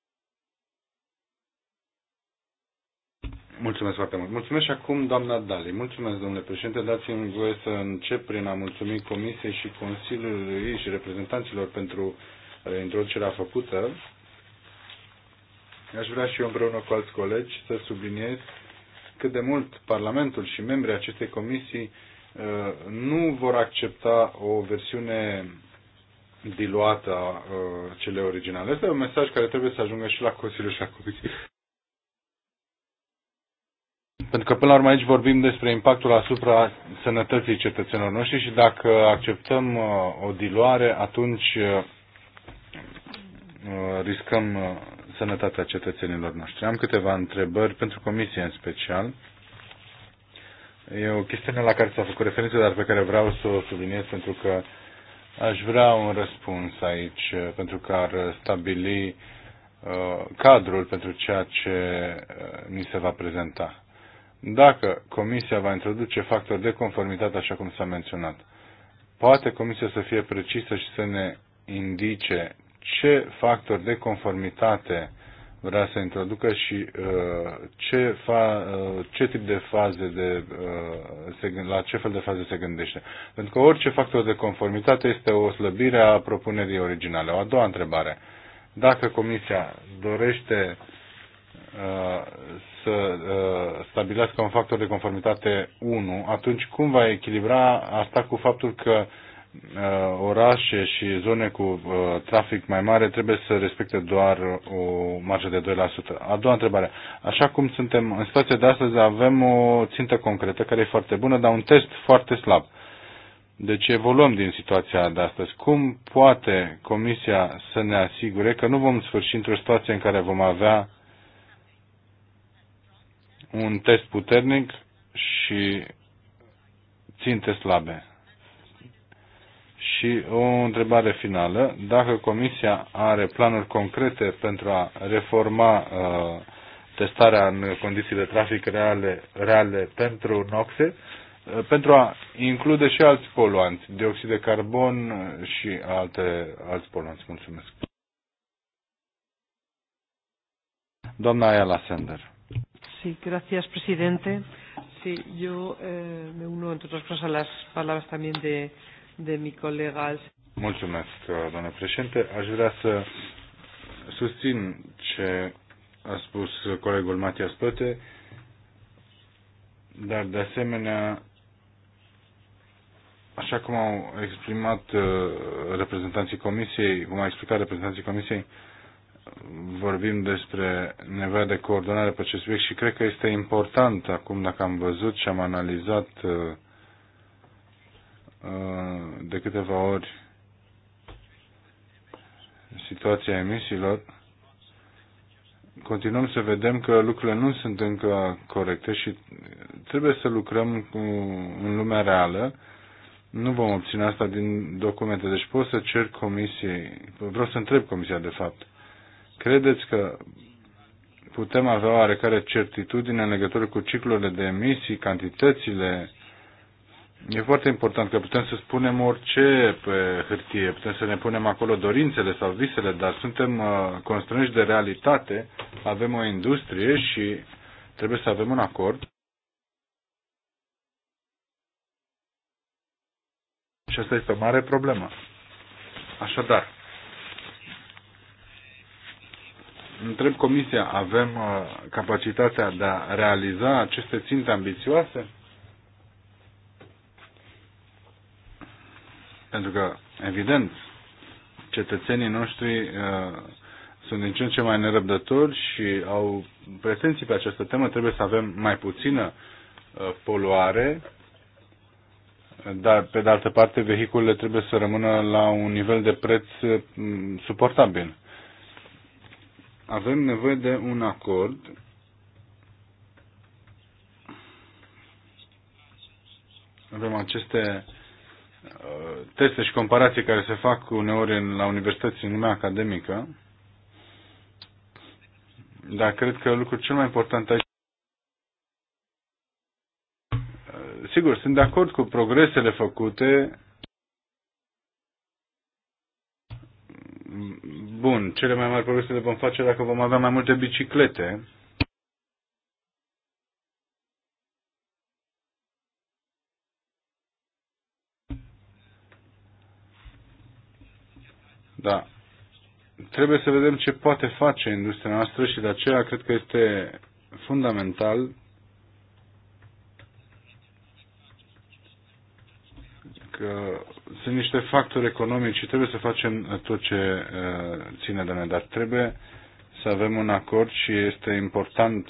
Mulțumesc foarte mult. Mulțumesc și acum, doamna Dali. Mulțumesc, domnule președinte. Dați-mi voie să încep prin a mulțumi Comisiei și Consiliului și reprezentanților pentru reintroducerea făcută. Aș vrea și eu împreună cu alți colegi să subliniez cât de mult Parlamentul și membrii acestei comisii uh, nu vor accepta o versiune diluată a uh, celei originale. Este un mesaj care trebuie să ajungă și la Consiliul și la Comisie. Pentru că, până la urmă, aici vorbim despre impactul asupra sănătății cetățenilor noștri și dacă acceptăm uh, o diluare, atunci uh, uh, riscăm sănătatea cetățenilor noștri. Am câteva întrebări pentru comisie în special. E o chestiune la care s-a făcut referință, dar pe care vreau să o subliniez pentru că aș vrea un răspuns aici, pentru că ar stabili uh, cadrul pentru ceea ce uh, ni se va prezenta dacă Comisia va introduce factori de conformitate, așa cum s-a menționat, poate Comisia să fie precisă și să ne indice ce factori de conformitate vrea să introducă și uh, ce, fa, uh, ce tip de faze de, uh, se, la ce fel de faze se gândește. Pentru că orice factor de conformitate este o slăbire a propunerii originale. O a doua întrebare. Dacă Comisia dorește să uh, stabilească un factor de conformitate 1, atunci cum va echilibra asta cu faptul că uh, orașe și zone cu uh, trafic mai mare trebuie să respecte doar o marjă de 2%. A doua întrebare. Așa cum suntem în situația de astăzi, avem o țintă concretă care e foarte bună, dar un test foarte slab. Deci evoluăm din situația de astăzi. Cum poate Comisia să ne asigure că nu vom sfârși într-o situație în care vom avea un test puternic și ținte slabe. Și o întrebare finală, dacă Comisia are planuri concrete pentru a reforma uh, testarea în condiții de trafic reale, reale pentru noxe, uh, pentru a include și alți poluanți, dioxid de carbon și alte, alți poluanți. Mulțumesc. Doamna Ayala Sender. Sí, gracias, presidente. Sí, yo eh, me uno, entre otras cosas, a las palabras también de, de mi colega. Mulțumesc, doamnă președinte. Aș vrea să susțin ce a spus colegul Matias Păte, dar de asemenea, așa cum au exprimat uh, reprezentanții comisiei, cum a explicat reprezentanții comisiei, uh, vorbim despre nevoia de coordonare pe acest subiect și cred că este important acum dacă am văzut și am analizat uh, uh, de câteva ori situația emisiilor, continuăm să vedem că lucrurile nu sunt încă corecte și trebuie să lucrăm cu, în lumea reală. Nu vom obține asta din documente. Deci pot să cer comisiei, vreau să întreb comisia de fapt, Credeți că putem avea oarecare certitudine în legătură cu ciclurile de emisii, cantitățile? E foarte important că putem să spunem orice pe hârtie, putem să ne punem acolo dorințele sau visele, dar suntem uh, constrânși de realitate, avem o industrie și trebuie să avem un acord. Și asta este o mare problemă. Așadar, întreb Comisia, avem uh, capacitatea de a realiza aceste ținte ambițioase? Pentru că, evident, cetățenii noștri uh, sunt din ce în ce mai nerăbdători și au pretenții pe această temă. Trebuie să avem mai puțină uh, poluare, dar, pe de altă parte, vehiculele trebuie să rămână la un nivel de preț uh, suportabil. Avem nevoie de un acord avem aceste uh, teste și comparații care se fac uneori în, la universități în lumea academică, dar cred că lucrul cel mai important aici uh, Sigur, sunt de acord cu progresele făcute bun. Cele mai mari progrese le vom face dacă vom avea mai multe biciclete. Da. Trebuie să vedem ce poate face industria noastră și de aceea cred că este fundamental că sunt niște factori economici și trebuie să facem tot ce uh, ține de noi, dar trebuie să avem un acord și este important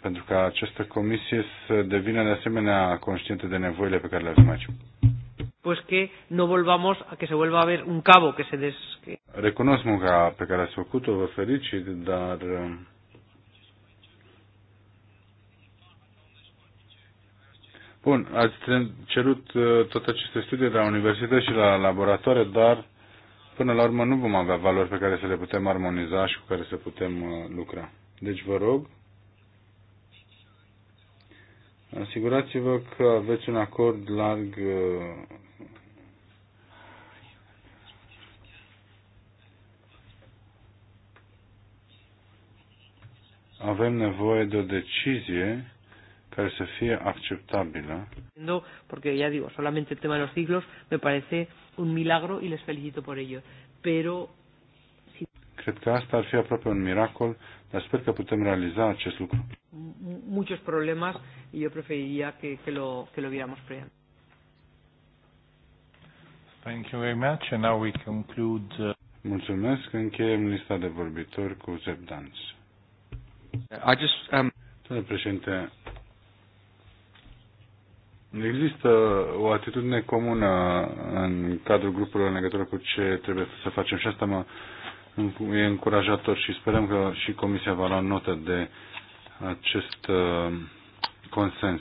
pentru ca această comisie să devină de asemenea conștientă de nevoile pe care le avem aici. Pues que no volvamos a que se vuelva a ver un cabo que se des... Recunosc munca pe care ați făcut-o, vă fericit, dar uh, Bun, ați cerut uh, tot aceste studii la universități și la laboratoare, dar până la urmă nu vom avea valori pe care să le putem armoniza și cu care să putem uh, lucra. Deci vă rog, asigurați-vă că aveți un acord larg uh, avem nevoie de o decizie care să fie acceptabilă. No, porque ya digo, solamente el tema de los siglos me parece un milagro y les felicito por ello. Pero Cred că asta ar fi aproape un miracol, dar sper că putem realiza acest lucru. Muchos problemas y yo preferiría que, que, lo, que lo viéramos previamente. Thank you very much and now we conclude. Uh, Mulțumesc, încheiem lista de vorbitori cu Zeb Dance. I just, um... Domnule președinte, Există o atitudine comună în cadrul grupurilor în legătură cu ce trebuie să facem și asta mă e încurajator și sperăm că și Comisia va lua notă de acest uh, consens.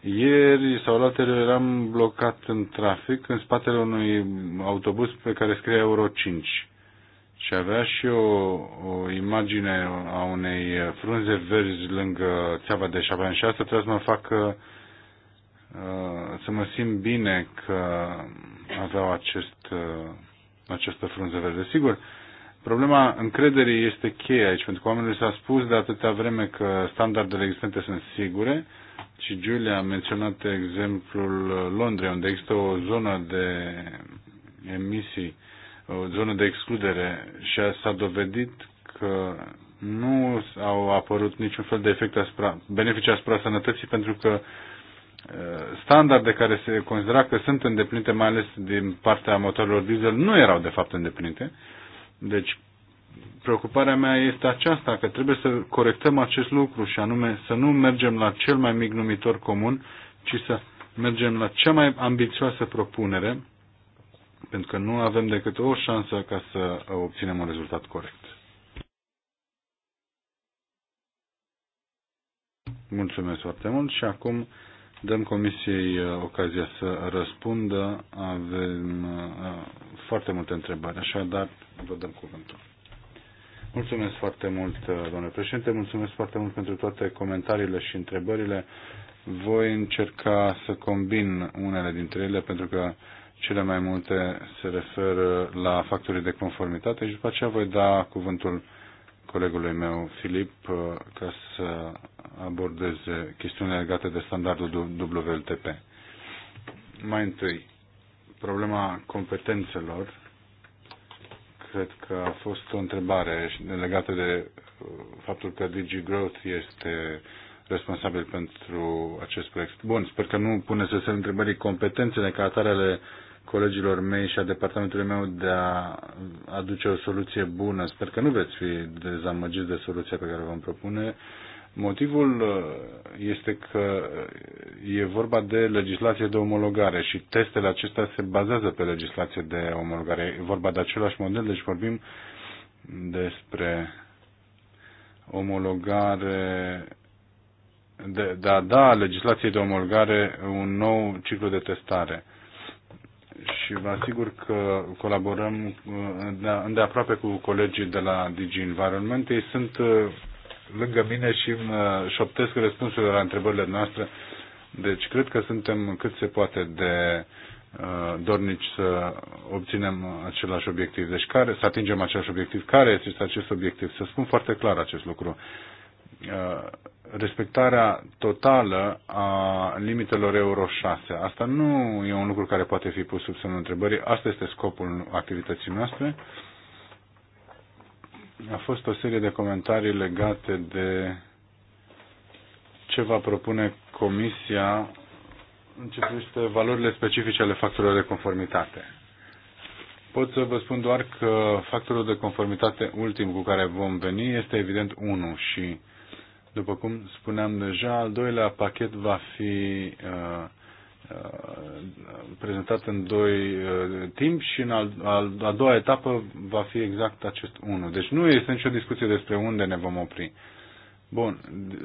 Ieri sau altele eram blocat în trafic în spatele unui autobuz pe care scrie Euro 5 și avea și o, o imagine a unei frunze verzi lângă țeava de șaban și asta trebuie să mă facă uh, Uh, să mă simt bine că aveau acest, uh, această frunză verde. Sigur, problema încrederii este cheia aici, pentru că oamenilor s-a spus de atâta vreme că standardele existente sunt sigure și Julia a menționat exemplul Londrei, unde există o zonă de emisii, o zonă de excludere și s-a dovedit că nu au apărut niciun fel de efect asupra, beneficii asupra sănătății pentru că uh, standarde care se considera că sunt îndeplinite, mai ales din partea motorilor diesel, nu erau de fapt îndeplinite. Deci preocuparea mea este aceasta, că trebuie să corectăm acest lucru și anume să nu mergem la cel mai mic numitor comun, ci să mergem la cea mai ambițioasă propunere, pentru că nu avem decât o șansă ca să obținem un rezultat corect. Mulțumesc foarte mult și acum dăm Comisiei uh, ocazia să răspundă. Avem uh, uh, foarte multe întrebări, așadar vă dăm cuvântul. Mulțumesc foarte mult, domnule președinte, mulțumesc foarte mult pentru toate comentariile și întrebările. Voi încerca să combin unele dintre ele pentru că cele mai multe se referă la factorii de conformitate și după aceea voi da cuvântul colegului meu, Filip, ca să abordeze chestiunile legate de standardul WLTP. Mai întâi, problema competențelor. Cred că a fost o întrebare legată de uh, faptul că DG Growth este responsabil pentru acest proiect. Bun, sper că nu pune să se întrebări competențele ca atare ale colegilor mei și a departamentului meu de a aduce o soluție bună. Sper că nu veți fi dezamăgiți de soluția pe care o vom propune. Motivul uh, este că uh, e vorba de legislație de omologare și testele acestea se bazează pe legislație de omologare. E vorba de același model, deci vorbim despre omologare, de, de a da legislației de omologare un nou ciclu de testare. Și vă asigur că colaborăm uh, îndeaproape cu colegii de la Digi Environment. Ei sunt lângă mine și îmi uh, șoptesc răspunsurile la întrebările noastre. Deci cred că suntem cât se poate de uh, dornici să obținem același obiectiv. Deci care, să atingem același obiectiv. Care este acest obiectiv? Să spun foarte clar acest lucru. Uh, respectarea totală a limitelor Euro 6. Asta nu e un lucru care poate fi pus sub semnul întrebării. Asta este scopul activității noastre. Uh, a fost o serie de comentarii legate de ce va propune Comisia în ce privește valorile specifice ale factorilor de conformitate. Pot să vă spun doar că factorul de conformitate ultim cu care vom veni este evident 1 și, după cum spuneam deja, al doilea pachet va fi uh, Uh, prezentat în doi uh, timp și în al, al, a doua etapă va fi exact acest unu. Deci nu este nicio discuție despre unde ne vom opri. Bun,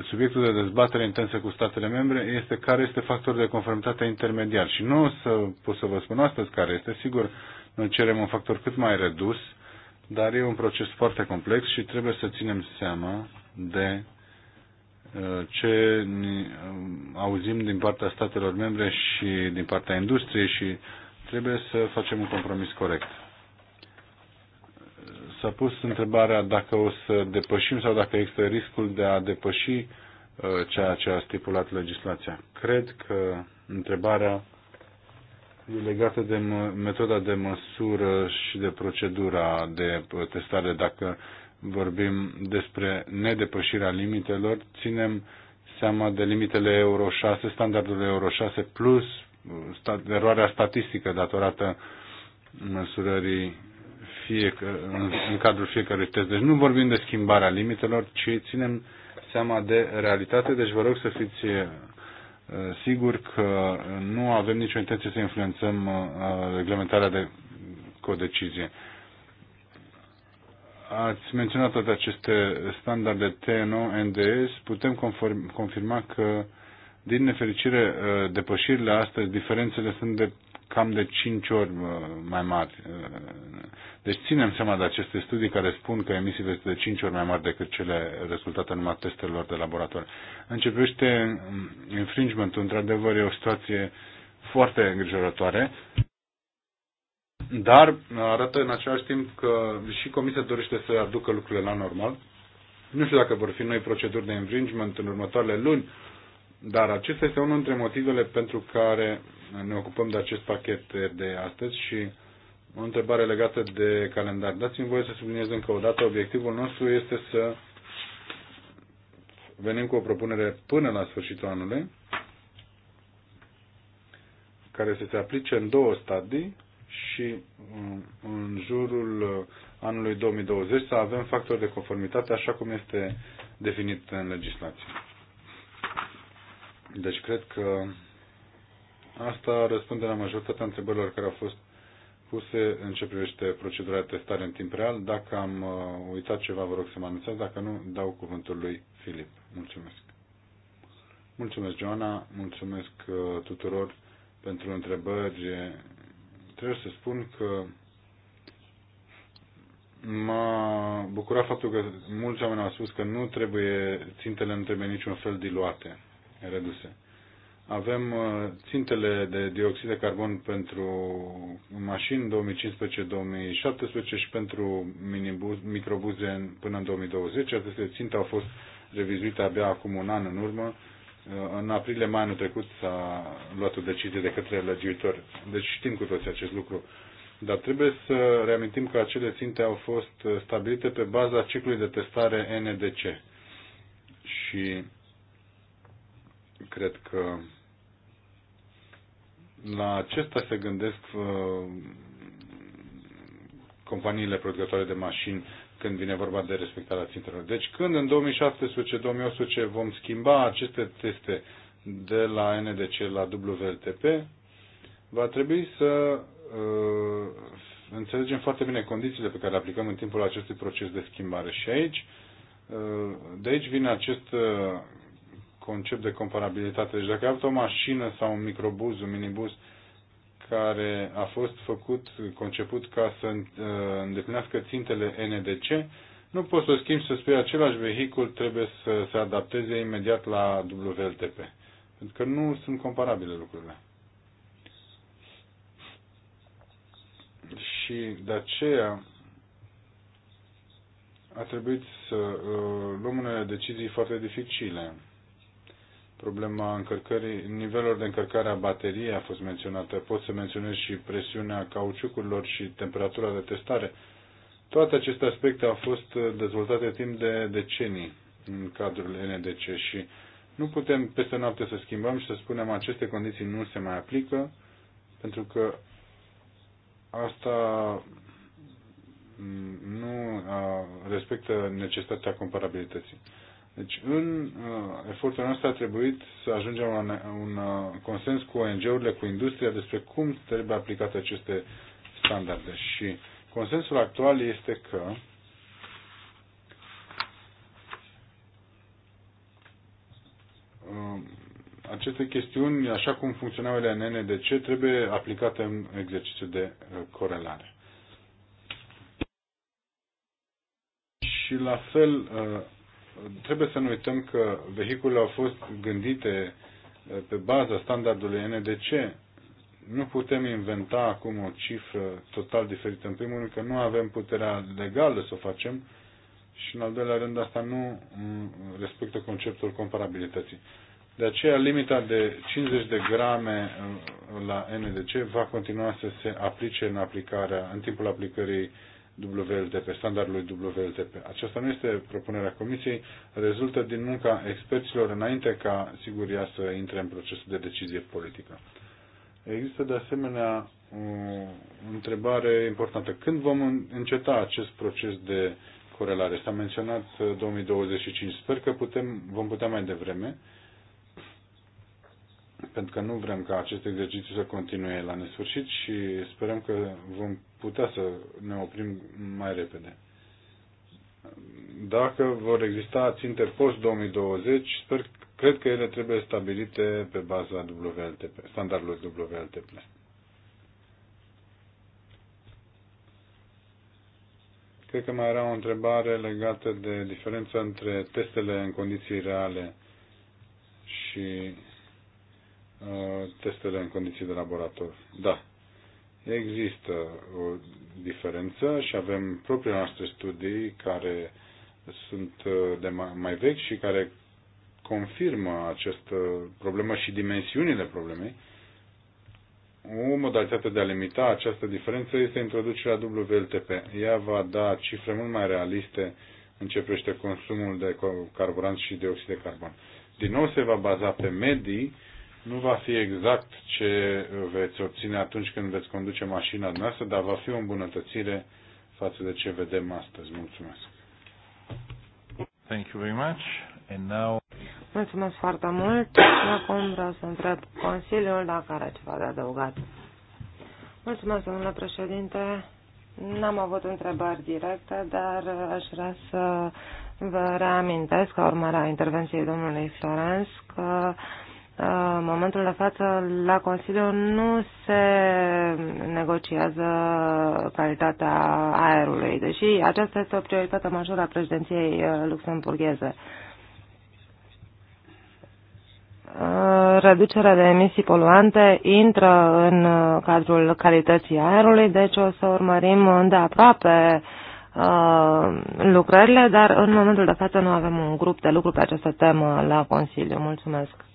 subiectul de dezbatere intensă cu statele membre este care este factorul de conformitate intermediar și nu o să pot să vă spun astăzi care este, sigur, noi cerem un factor cât mai redus, dar e un proces foarte complex și trebuie să ținem seama de ce um, auzim din partea statelor membre și din partea industriei și trebuie să facem un compromis corect. S-a pus întrebarea dacă o să depășim sau dacă există riscul de a depăși uh, ceea ce a stipulat legislația. Cred că întrebarea e legată de metoda de măsură și de procedura de testare. Dacă vorbim despre nedepășirea limitelor, ținem seama de limitele Euro 6, standardul Euro 6 plus eroarea statistică datorată măsurării fie, în, în cadrul fiecărui test. Deci nu vorbim de schimbarea limitelor, ci ținem seama de realitate, deci vă rog să fiți uh, sigur că nu avem nicio intenție să influențăm uh, reglementarea de codecizie. Ați menționat toate aceste standarde TNO-NDS. Putem conform, confirma că, din nefericire, uh, depășirile astăzi, diferențele sunt de cam de 5 ori uh, mai mari. Uh, deci ținem seama de aceste studii care spun că emisiile sunt de 5 ori mai mari decât cele rezultate numai testelor de laborator. Începește mm, infringementul, într-adevăr, e o situație foarte îngrijorătoare dar arată în același timp că și Comisia dorește să aducă lucrurile la normal. Nu știu dacă vor fi noi proceduri de infringement în următoarele luni, dar acesta este unul dintre motivele pentru care ne ocupăm de acest pachet de astăzi și o întrebare legată de calendar. Dați-mi voie să subliniez încă o dată, obiectivul nostru este să venim cu o propunere până la sfârșitul anului, care să se aplice în două stadii, și mm, în jurul anului 2020 să avem factori de conformitate așa cum este definit în legislație. Deci cred că asta răspunde la majoritatea întrebărilor care au fost puse în ce privește procedura de testare în timp real. Dacă am uh, uitat ceva, vă rog să mă anunțați. Dacă nu, dau cuvântul lui Filip. Mulțumesc. Mulțumesc, Joana. Mulțumesc uh, tuturor pentru întrebări trebuie să spun că m-a bucurat faptul că mulți oameni au spus că nu trebuie, țintele nu trebuie niciun fel diluate, reduse. Avem uh, țintele de dioxid de carbon pentru mașini 2015-2017 și pentru minibuz, microbuze până în 2020. Aceste ținte au fost revizuite abia acum un an în urmă Uh, în aprilie, mai anul trecut, s-a luat o decizie de către legiuitori. Deci știm cu toți acest lucru. Dar trebuie să reamintim că acele ținte au fost stabilite pe baza ciclului de testare NDC. Și cred că la acesta se gândesc uh, companiile producătoare de mașini când vine vorba de respectarea țintelor. Deci când în 2017-2018 vom schimba aceste teste de la NDC la WLTP, va trebui să uh, înțelegem foarte bine condițiile pe care le aplicăm în timpul acestui proces de schimbare. Și aici, uh, de aici vine acest uh, concept de comparabilitate. Deci dacă ai avut o mașină sau un microbuz, un minibus, uh, care a fost făcut, conceput ca să uh, îndeplinească țintele NDC, nu poți să o schimbi să spui același vehicul trebuie să se adapteze imediat la WLTP. Pentru că nu sunt comparabile lucrurile. Și de aceea a trebuit să uh, luăm unele decizii foarte dificile. Problema încărcării, nivelor de încărcare a bateriei a fost menționată. Pot să menționez și presiunea cauciucurilor și temperatura de testare. Toate aceste aspecte au fost dezvoltate timp de decenii în cadrul NDC și nu putem peste noapte să schimbăm și să spunem aceste condiții nu se mai aplică, pentru că asta nu respectă necesitatea comparabilității. Deci, în uh, efortul nostru a trebuit să ajungem la un, un uh, consens cu ONG-urile, cu industria, despre cum trebuie aplicate aceste standarde. Și consensul actual este că uh, aceste chestiuni, așa cum funcționau ele în NDC, trebuie aplicate în exercițiu de uh, corelare. Și la fel, uh, trebuie să nu uităm că vehiculele au fost gândite uh, pe baza standardului NDC. Nu putem inventa acum o cifră total diferită. În primul rând că nu avem puterea legală să o facem și în al doilea rând asta nu mm, respectă conceptul comparabilității. De aceea limita de 50 de grame uh, la NDC va continua să se aplice în aplicarea, în timpul aplicării WLTP, standardului WLTP. Aceasta nu este propunerea Comisiei, rezultă din munca experților înainte ca, sigur, ea să intre în procesul de decizie politică. Există, de asemenea, o întrebare importantă. Când vom înceta acest proces de corelare? S-a menționat 2025. Uh, Sper că putem, vom putea mai devreme, pentru că nu vrem ca acest exercițiu să continue la nesfârșit și sperăm că vom putea să ne oprim mai repede. Dacă vor exista ținte post-2020, sper, cred că ele trebuie stabilite pe baza WLTP, standardului WLTP. Cred că mai era o întrebare legată de diferența între testele în condiții reale și uh, testele în condiții de laborator. Da. Există o diferență și avem propriile noastre studii care sunt uh, de mai vechi și care confirmă această problemă și dimensiunile problemei. O modalitate de a limita această diferență este introducerea WLTP. Ea va da cifre mult mai realiste în ce privește consumul de carburant și dioxid de carbon. Din nou se va baza pe medii nu va fi exact ce veți obține atunci când veți conduce mașina noastră, dar va fi o îmbunătățire față de ce vedem astăzi. Mulțumesc! Thank you very much. And now... Mulțumesc foarte mult. Acum vreau să întreb Consiliul dacă are ceva de adăugat. Mulțumesc, domnule președinte. N-am avut întrebări directe, dar aș vrea să vă reamintesc, ca urmare a intervenției domnului Florens, că uh, în momentul de față la Consiliu nu se negociază calitatea aerului, deși aceasta este o prioritate majoră a președinției uh, luxemburgheze. Uh, reducerea de emisii poluante intră în uh, cadrul calității aerului, deci o să urmărim de aproape lucrările, dar în momentul de față nu avem un grup de lucru pe această temă la Consiliu. Mulțumesc!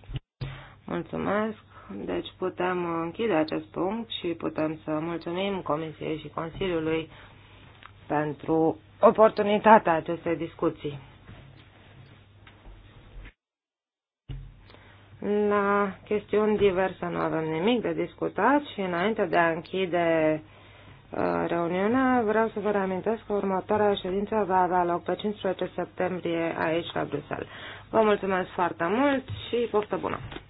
Mulțumesc. Deci putem închide acest punct și putem să mulțumim Comisiei și Consiliului pentru oportunitatea acestei discuții. La chestiuni diverse nu avem nimic de discutat și înainte de a închide uh, reuniunea, vreau să vă reamintesc că următoarea ședință va avea loc pe 15 septembrie aici la Bruxelles. Vă mulțumesc foarte mult și poftă bună!